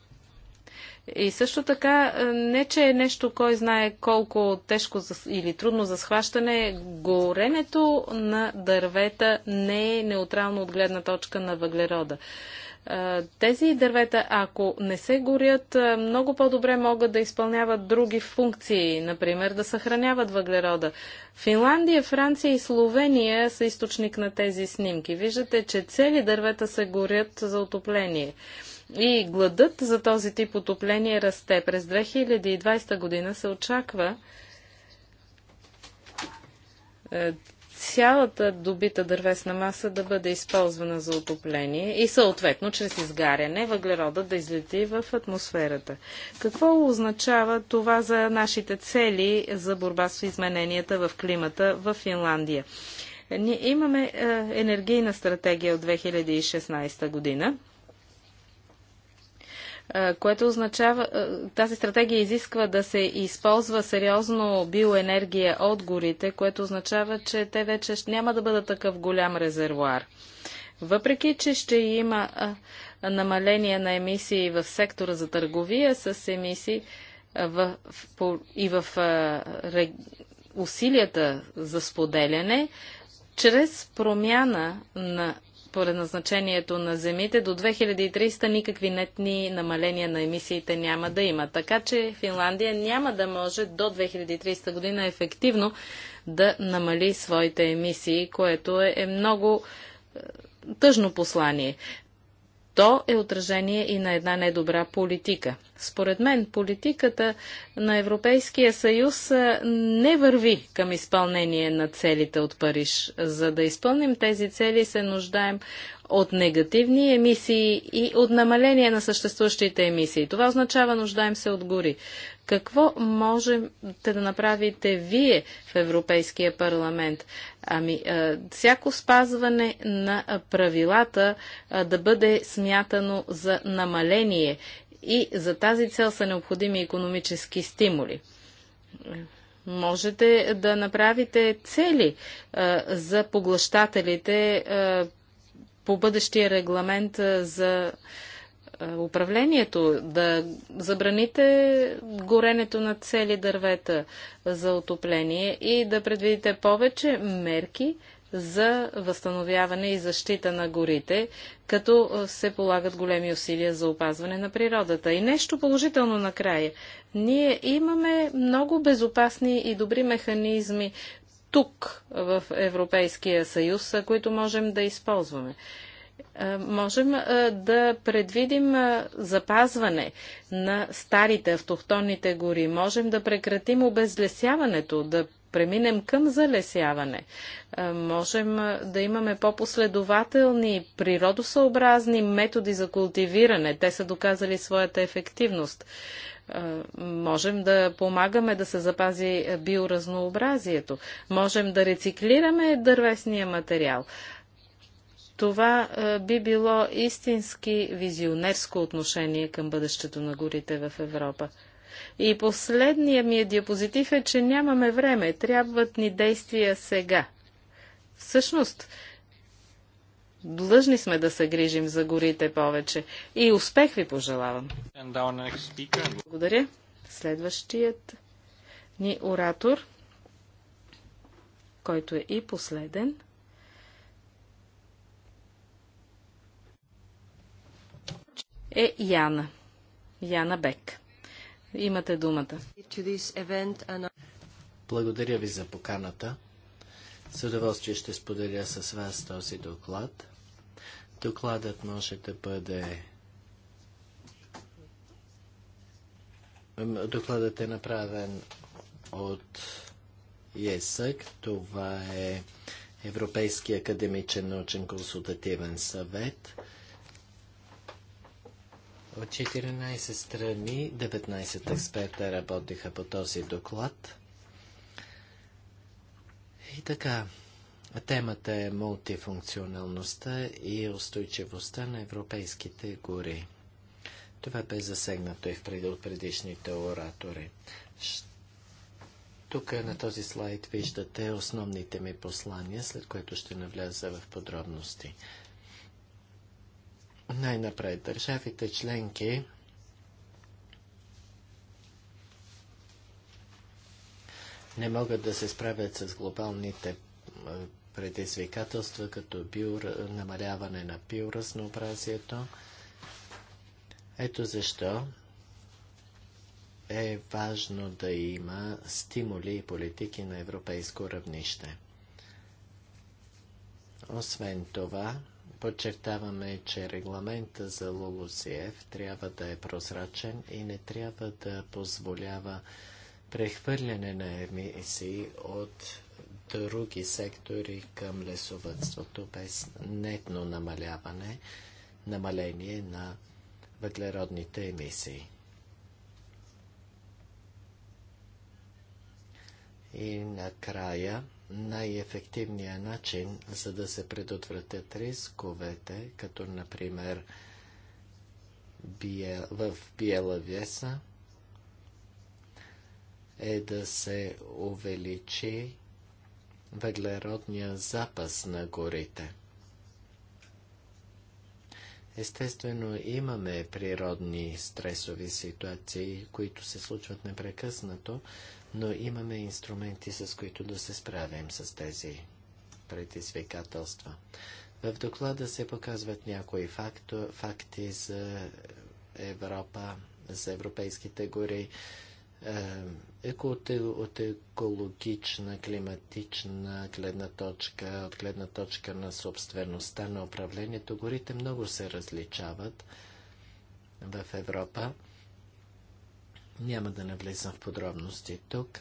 И също така, не че е нещо, кой знае колко тежко или трудно за схващане, горенето на дървета не е неутрално от гледна точка на въглерода. Тези дървета, ако не се горят, много по-добре могат да изпълняват други функции, например да съхраняват въглерода. Финландия, Франция и Словения са източник на тези снимки. Виждате, че цели дървета се горят за отопление. И гладът за този тип отопление расте. През 2020 година се очаква е, цялата добита дървесна маса да бъде използвана за отопление и съответно чрез изгаряне въглерода да излети в атмосферата. Какво означава това за нашите цели за борба с измененията в климата в Финландия? Ние имаме е, енергийна стратегия от 2016 година е, което означава, е, тази стратегия изисква да се използва сериозно биоенергия от горите, което означава, че те вече няма да бъдат такъв голям резервуар. Въпреки, че ще има намаление на емисии в сектора за търговия с емисии в, и в ре, усилията за споделяне, чрез промяна на според назначението на земите, до 2300 никакви нетни намаления на емисиите няма да има. Така че Финландия няма да може до 2300 година ефективно да намали своите емисии, което е, е много е, тъжно послание то е отражение и на една недобра политика. Според мен, политиката на Европейския съюз не върви към изпълнение на целите от Париж. За да изпълним тези цели се нуждаем от негативни емисии и от намаление на съществуващите емисии. Това означава нуждаем се от гори. Какво можете да направите вие в Европейския парламент? Ами, всяко спазване на правилата да бъде смятано за намаление и за тази цел са необходими економически стимули. Можете да направите цели а, за поглъщателите по бъдещия регламент за управлението, да забраните горенето на цели дървета за отопление и да предвидите повече мерки за възстановяване и защита на горите, като се полагат големи усилия за опазване на природата. И нещо положително накрая. Ние имаме много безопасни и добри механизми тук в Европейския съюз, които можем да използваме. Можем да предвидим запазване на старите автохтонните гори, можем да прекратим обезлесяването, да преминем към залесяване, е, можем е, да имаме по-последователни природосъобразни методи за култивиране. Те са доказали своята ефективност. Е, можем да помагаме да се запази биоразнообразието. Можем да рециклираме дървесния материал. Това би било истински визионерско отношение към бъдещето на горите в Европа. И последният ми е диапозитив е, че нямаме време. Трябват ни действия сега. Всъщност, длъжни сме да се грижим за горите повече. И успех ви пожелавам. Благодаря. Следващият ни оратор, който е и последен. е Яна. Яна Бек. Имате думата. Благодаря ви за поканата. С удоволствие ще споделя с вас този доклад. Докладът може да бъде Докладът е направен от ЕСЕК. Това е Европейски академичен научен консултативен съвет. От 14 страни 19 експерта работиха по този доклад. И така, темата е мултифункционалността и устойчивостта на европейските гори. Това бе засегнато и в предишните оратори. Тук на този слайд виждате основните ми послания, след което ще навляза в подробности. Най-напред държавите членки не могат да се справят с глобалните предизвикателства, като биор... намаляване на биоразнообразието. Ето защо е важно да има стимули и политики на европейско равнище. Освен това, Подчертаваме, че регламента за ЛОЛОСИЕВ трябва да е прозрачен и не трябва да позволява прехвърляне на емисии от други сектори към лесовътството без нетно намаляване, намаление на въглеродните емисии. И накрая най ефективният начин, за да се предотвратят рисковете, като например в Биела Веса, е да се увеличи въглеродния запас на горите – Естествено, имаме природни стресови ситуации, които се случват непрекъснато, но имаме инструменти, с които да се справим с тези предизвикателства. В доклада се показват някои факто, факти за Европа, за европейските гори, е, Еко е- от екологична, климатична гледна точка, от гледна точка на собствеността на управлението, горите много се различават в Европа. Няма да навлизам в подробности тук.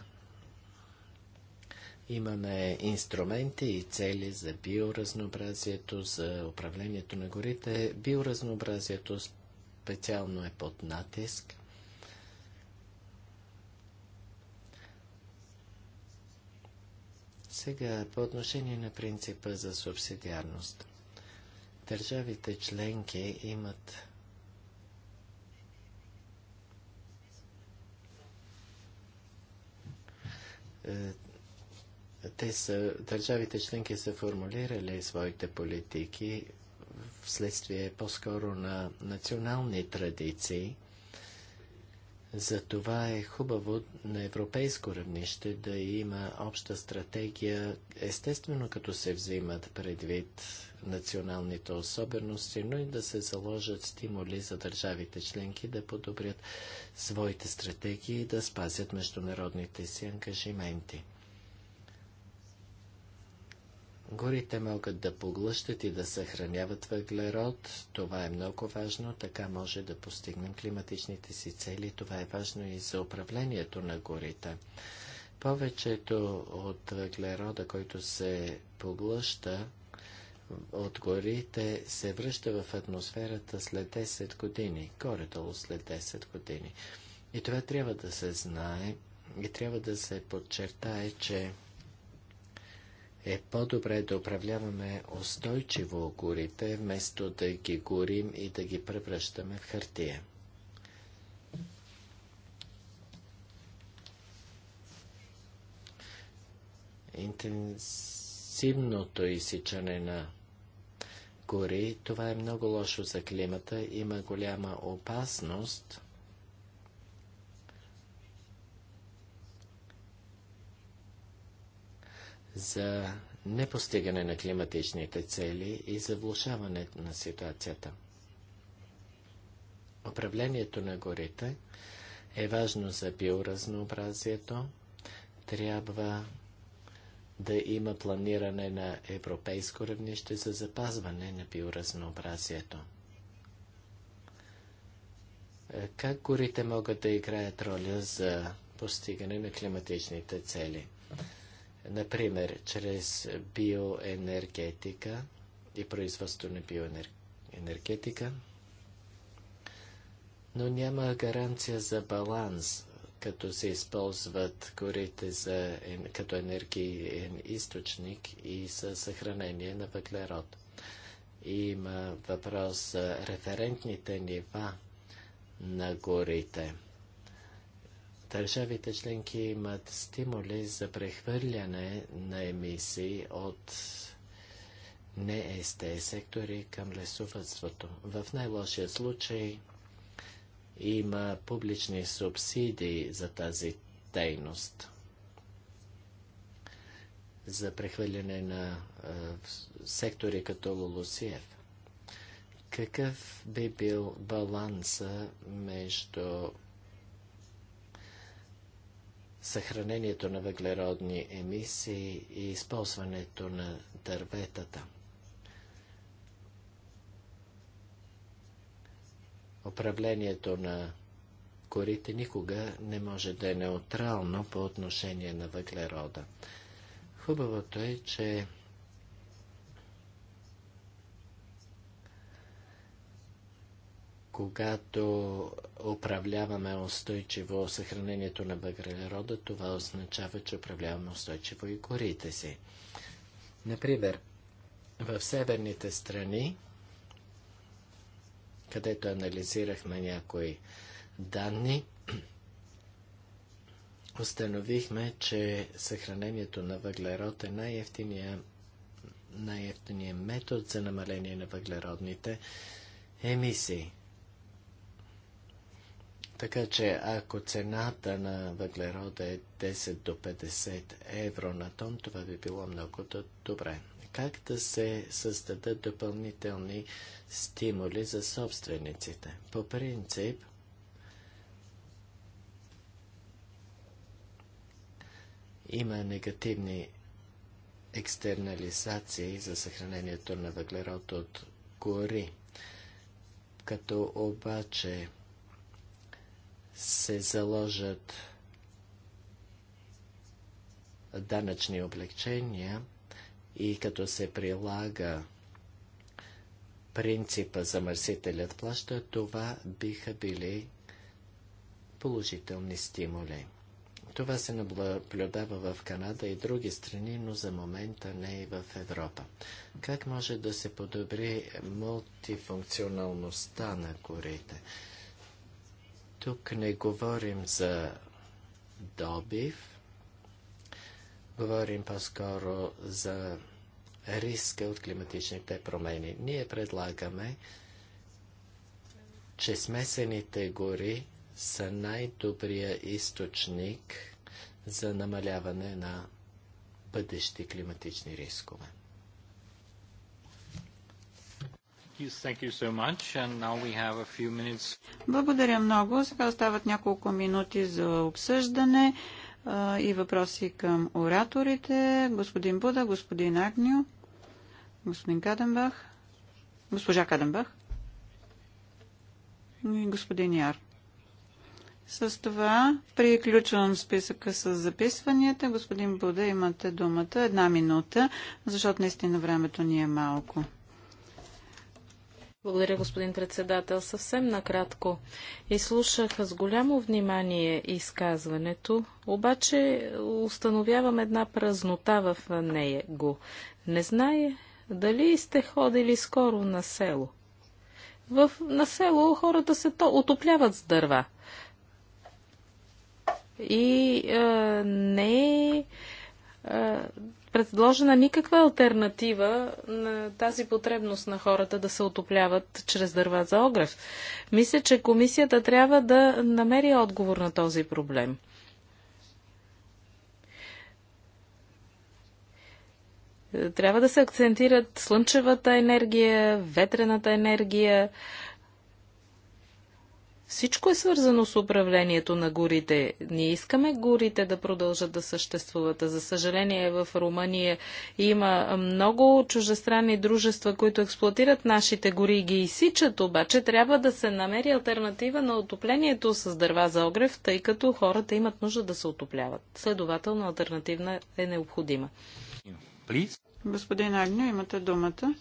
Имаме инструменти и цели за биоразнообразието, за управлението на горите. Биоразнообразието специално е под натиск. Сега, по отношение на принципа за субсидиарност. Държавите членки имат е, те са, държавите членки са формулирали своите политики вследствие по-скоро на национални традиции – затова е хубаво на европейско равнище да има обща стратегия, естествено като се взимат предвид националните особености, но и да се заложат стимули за държавите членки да подобрят своите стратегии и да спазят международните си ангажименти. Горите могат да поглъщат и да съхраняват въглерод. Това е много важно. Така може да постигнем климатичните си цели. Това е важно и за управлението на горите. Повечето от въглерода, който се поглъща от горите, се връща в атмосферата след 10 години, горе-долу след 10 години. И това трябва да се знае и трябва да се подчертае, че е по-добре да управляваме устойчиво горите, вместо да ги горим и да ги превръщаме в хартия. Интенсивното изсичане на гори, това е много лошо за климата, има голяма опасност – за непостигане на климатичните цели и за влушаване на ситуацията. Управлението на горите е важно за биоразнообразието. Трябва да има планиране на европейско равнище за запазване на биоразнообразието. Как горите могат да играят роля за постигане на климатичните цели? Например, чрез биоенергетика и производство на биоенергетика, но няма гаранция за баланс, като се използват горите за, като енергиен източник и за съхранение на въглерод. Има въпрос за референтните нива на горите – Държавите членки имат стимули за прехвърляне на емисии от не СТ сектори към лесовътството. В най-лошия случай има публични субсидии за тази дейност за прехвърляне на е, сектори като Лолосиев. Какъв би бил баланса между съхранението на въглеродни емисии и използването на дърветата. Управлението на корите никога не може да е неутрално по отношение на въглерода. Хубавото е, че когато управляваме устойчиво съхранението на въглерода, това означава, че управляваме устойчиво и горите си. Например, в северните страни, където анализирахме някои данни, установихме, че съхранението на въглерод е най ефтиният най метод за намаление на въглеродните емисии. Така че ако цената на въглерода е 10 до 50 евро на тон, това би било много добре. Как да се създадат допълнителни стимули за собствениците? По принцип, има негативни екстернализации за съхранението на въглерод от гори. Като обаче се заложат данъчни облегчения и като се прилага принципа замърсителят плаща, това биха били положителни стимули. Това се наблюдава в Канада и други страни, но за момента не и в Европа. Как може да се подобри мултифункционалността на корите? Тук не говорим за добив, говорим по-скоро за риска от климатичните промени. Ние предлагаме, че смесените гори са най-добрия източник за намаляване на бъдещи климатични рискове. Благодаря много. Сега остават няколко минути за обсъждане и въпроси към ораторите. Господин Буда, господин Агнио, господин Каденбах, госпожа Каденбах и господин Яр. С това приключвам списъка с записванията. Господин Буда, имате думата една минута, защото наистина времето ни е малко. Благодаря, господин председател. Съвсем накратко. Изслушах с голямо внимание изказването, обаче установявам една празнота в нея го. Не знае дали сте ходили скоро на село. В, на село хората се то, отопляват с дърва. И а, не е, а, предложена никаква альтернатива на тази потребност на хората да се отопляват чрез дърва за огрев. Мисля, че комисията трябва да намери отговор на този проблем. Трябва да се акцентират слънчевата енергия, ветрената енергия, всичко е свързано с управлението на горите. Ние искаме горите да продължат да съществуват. За съжаление в Румъния има много чужестранни дружества, които експлуатират нашите гори и ги изсичат, обаче трябва да се намери альтернатива на отоплението с дърва за огрев, тъй като хората имат нужда да се отопляват. Следователно альтернативна е необходима. Господин Агню, имате думата.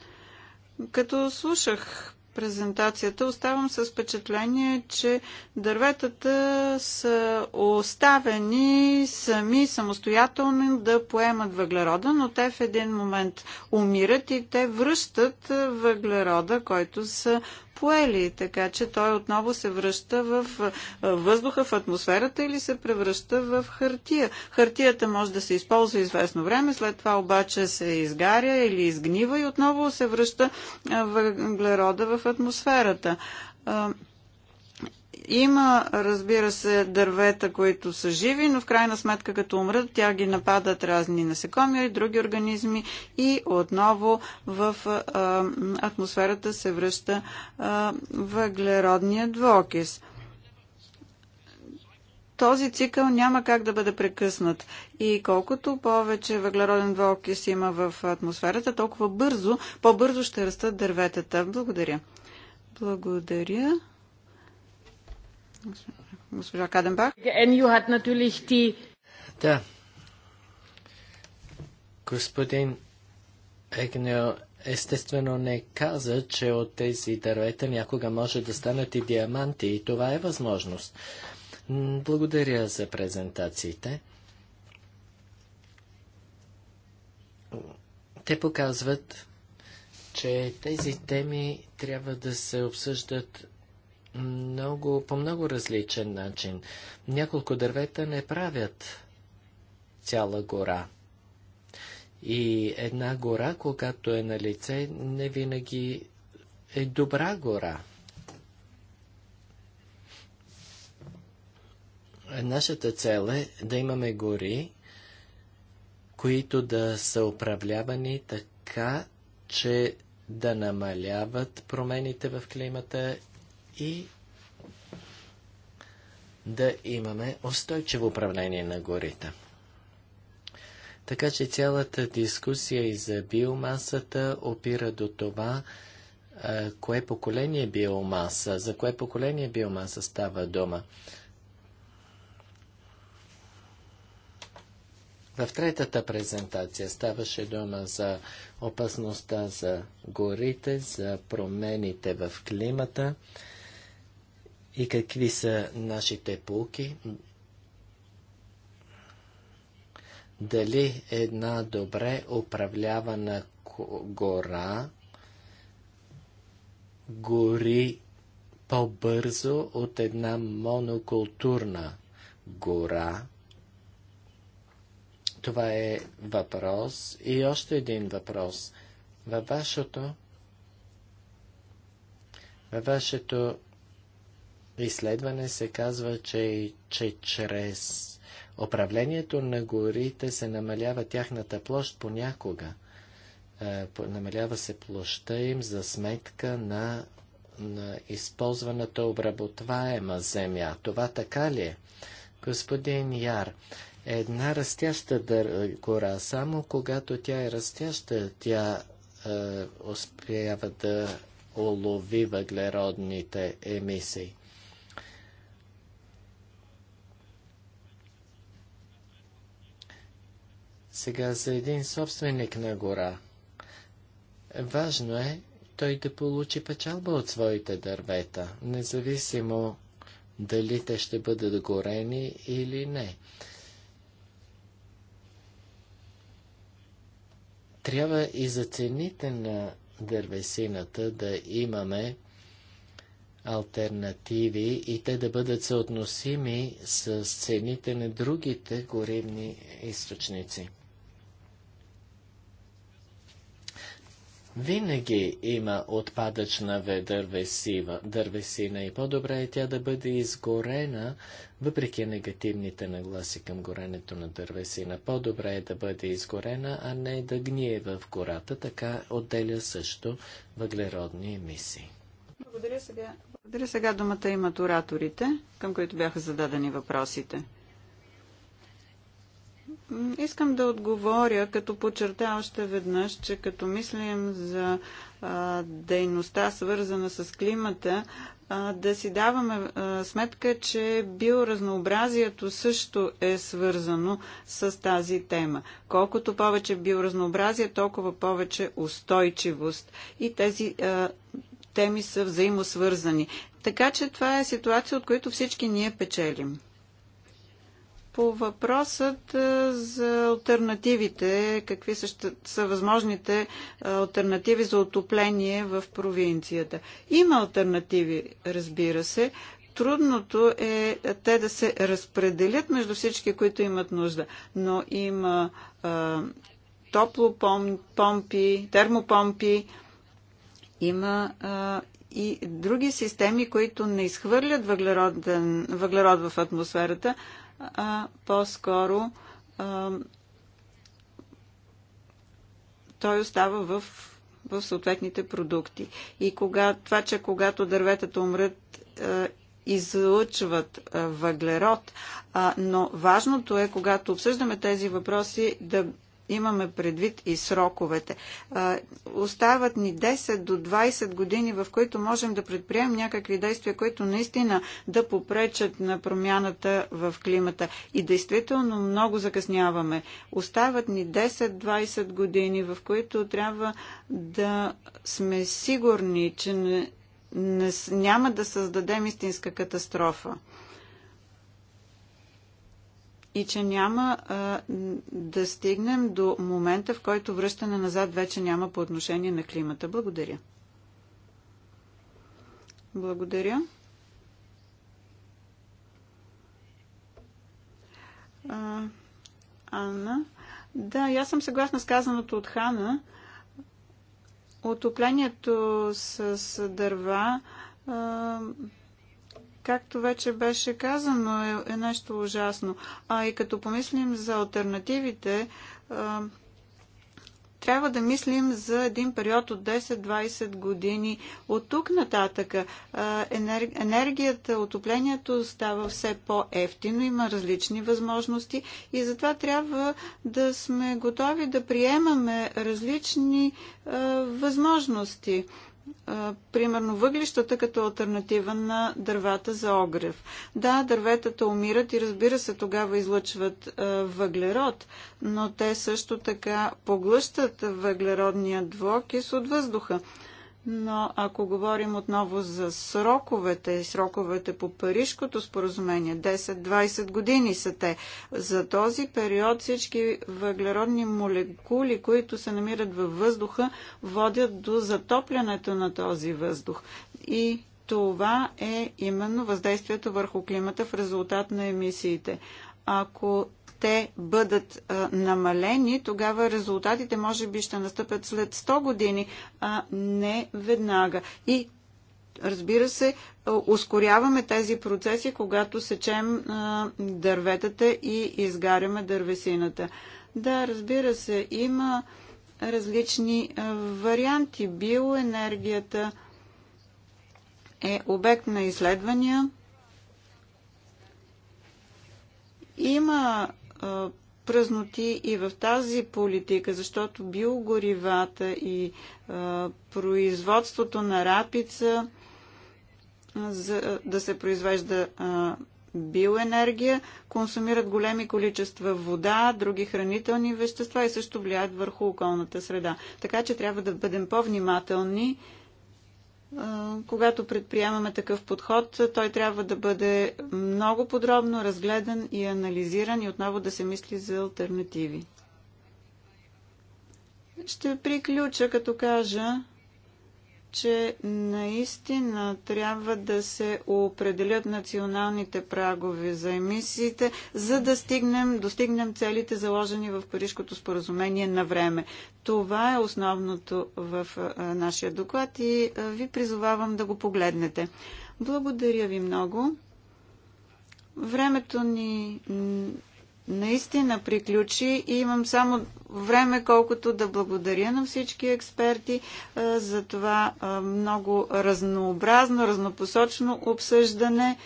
Като слушах презентацията, оставам с впечатление, че дърветата са оставени сами, самостоятелно да поемат въглерода, но те в един момент умират и те връщат въглерода, който са поели, така че той отново се връща в въздуха, в атмосферата или се превръща в хартия. Хартията може да се използва известно време, след това обаче се изгаря или изгнива и отново се връща въглерода в атмосферата. Има, разбира се, дървета, които са живи, но в крайна сметка, като умрат, тя ги нападат разни насекоми и други организми и отново в а, атмосферата се връща а, въглеродния двокис. този цикъл няма как да бъде прекъснат. И колкото повече въглероден двокис има в атмосферата, толкова бързо, по-бързо ще растат дърветата. Благодаря. Благодаря. Да. Господин Егнео естествено не каза, че от тези дървета някога може да станат и диаманти и това е възможност. Благодаря за презентациите. Те показват, че тези теми трябва да се обсъждат много, по много различен начин. Няколко дървета не правят цяла гора. И една гора, когато е на лице, не винаги е добра гора. Нашата цел е да имаме гори, които да са управлявани така, че да намаляват промените в климата и да имаме устойчиво управление на горите. Така че цялата дискусия и за биомасата опира до това, кое поколение е биомаса, за кое поколение е биомаса става дума. В третата презентация ставаше дума за опасността за горите, за промените в климата и какви са нашите полки. Дали една добре управлявана гора гори по-бързо от една монокултурна гора. Това е въпрос. И още един въпрос. Във вашето, във вашето изследване се казва, че, че чрез управлението на горите се намалява тяхната площ понякога. Е, намалява се площта им за сметка на, на използваната обработваема земя. Това така ли е? Господин Яр, една растяща дър... гора, само когато тя е растяща, тя е, успява да улови въглеродните емисии. Сега за един собственик на гора. Важно е той да получи печалба от своите дървета, независимо дали те ще бъдат горени или не. Трябва и за цените на дървесината да имаме альтернативи и те да бъдат съотносими с цените на другите горивни източници. Винаги има отпадъчна дървесива, дървесина и по-добре е тя да бъде изгорена, въпреки негативните нагласи към горенето на дървесина. По-добре е да бъде изгорена, а не да гние в гората, така отделя също въглеродни емисии. Благодаря сега. Благодаря сега думата имат ораторите, към които бяха зададени въпросите. Искам да отговоря, като подчертая още веднъж, че като мислим за а, дейността, свързана с климата, а, да си даваме а, сметка, че биоразнообразието също е свързано с тази тема. Колкото повече биоразнообразие, толкова повече устойчивост. И тези теми са взаимосвързани. Така че това е ситуация, от която всички ние печелим. По въпросът е, за альтернативите, какви са, са възможните е, альтернативи за отопление в провинцията. Има альтернативи, разбира се. Трудното е, е те да се разпределят между всички, които имат нужда. Но има а, топлопомпи, термопомпи, има а, и други системи, които не изхвърлят въглерод, въглерод в атмосферата, а по-скоро той остава в, в съответните продукти. И кога, това, че когато дърветата умрат, излъчват въглерод. Но важното е, когато обсъждаме тези въпроси, да имаме предвид и сроковете. Остават ни 10 до 20 години, в които можем да предприемем някакви действия, които наистина да попречат на промяната в климата. И действително много закъсняваме. Остават ни 10-20 години, в които трябва да сме сигурни, че не, не, няма да създадем истинска катастрофа и че няма а, да стигнем до момента, в който връщане назад вече няма по отношение на климата. Благодаря. Благодаря. А, Анна. Да, я съм съгласна с казаното от Хана. Отоплението с, с дърва а, както вече беше казано, е, е нещо ужасно. А и като помислим за альтернативите, а, трябва да мислим за един период от 10-20 години. От тук нататък енергията, отоплението става все по-ефтино, има различни възможности и затова трябва да сме готови да приемаме различни възможности примерно въглищата като альтернатива на дървата за огрев. Да, дърветата умират и разбира се тогава излъчват въглерод, но те също така поглъщат въглеродния двуокис от въздуха. Но ако говорим отново за сроковете и сроковете по Парижкото споразумение, 10-20 години са те. За този период всички въглеродни молекули, които се намират във въздуха, водят до затоплянето на този въздух. И това е именно въздействието върху климата в резултат на емисиите. Ако те бъдат а, намалени, тогава резултатите може би ще настъпят след 100 години, а не веднага. И разбира се, ускоряваме тези процеси, когато сечем а, дърветата и изгаряме дървесината. Да, разбира се, има различни а, варианти. Биоенергията е обект на изследвания. Има пръзноти и в тази политика, защото биогоривата и а, производството на рапица за да се произвежда а, биоенергия, консумират големи количества вода, други хранителни вещества и също влияят върху околната среда. Така че трябва да бъдем по-внимателни когато предприемаме такъв подход, той трябва да бъде много подробно разгледан и анализиран и отново да се мисли за альтернативи. Ще приключа, като кажа, че наистина трябва да се определят националните прагове за емисиите, за да стигнем, достигнем целите заложени в Парижкото споразумение на време. Това е основното в нашия доклад и ви призовавам да го погледнете. Благодаря ви много. Времето ни наистина приключи и имам само време, колкото да благодаря на всички експерти за това много разнообразно, разнопосочно обсъждане.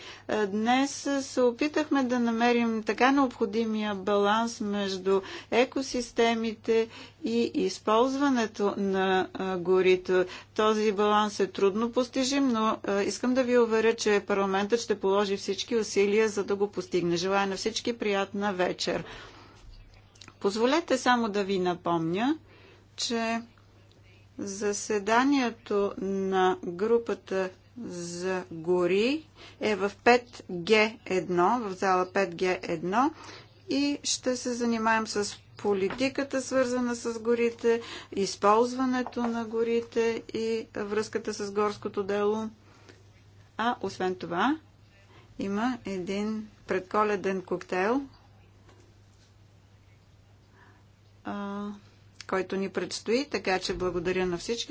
Днес се опитахме да намерим така необходимия баланс между екосистемите и използването на горите. Този баланс е трудно постижим, но искам да ви уверя, че парламентът ще положи всички усилия, за да го постигне. Желая на всички приятна вечер. Позволете само да ви напомня, че заседанието на групата за гори е в 5G1, в зала 5G1 и ще се занимаем с политиката, свързана с горите, използването на горите и връзката с горското дело. А освен това, има един предколеден коктейл който ни предстои, така че благодаря на всички.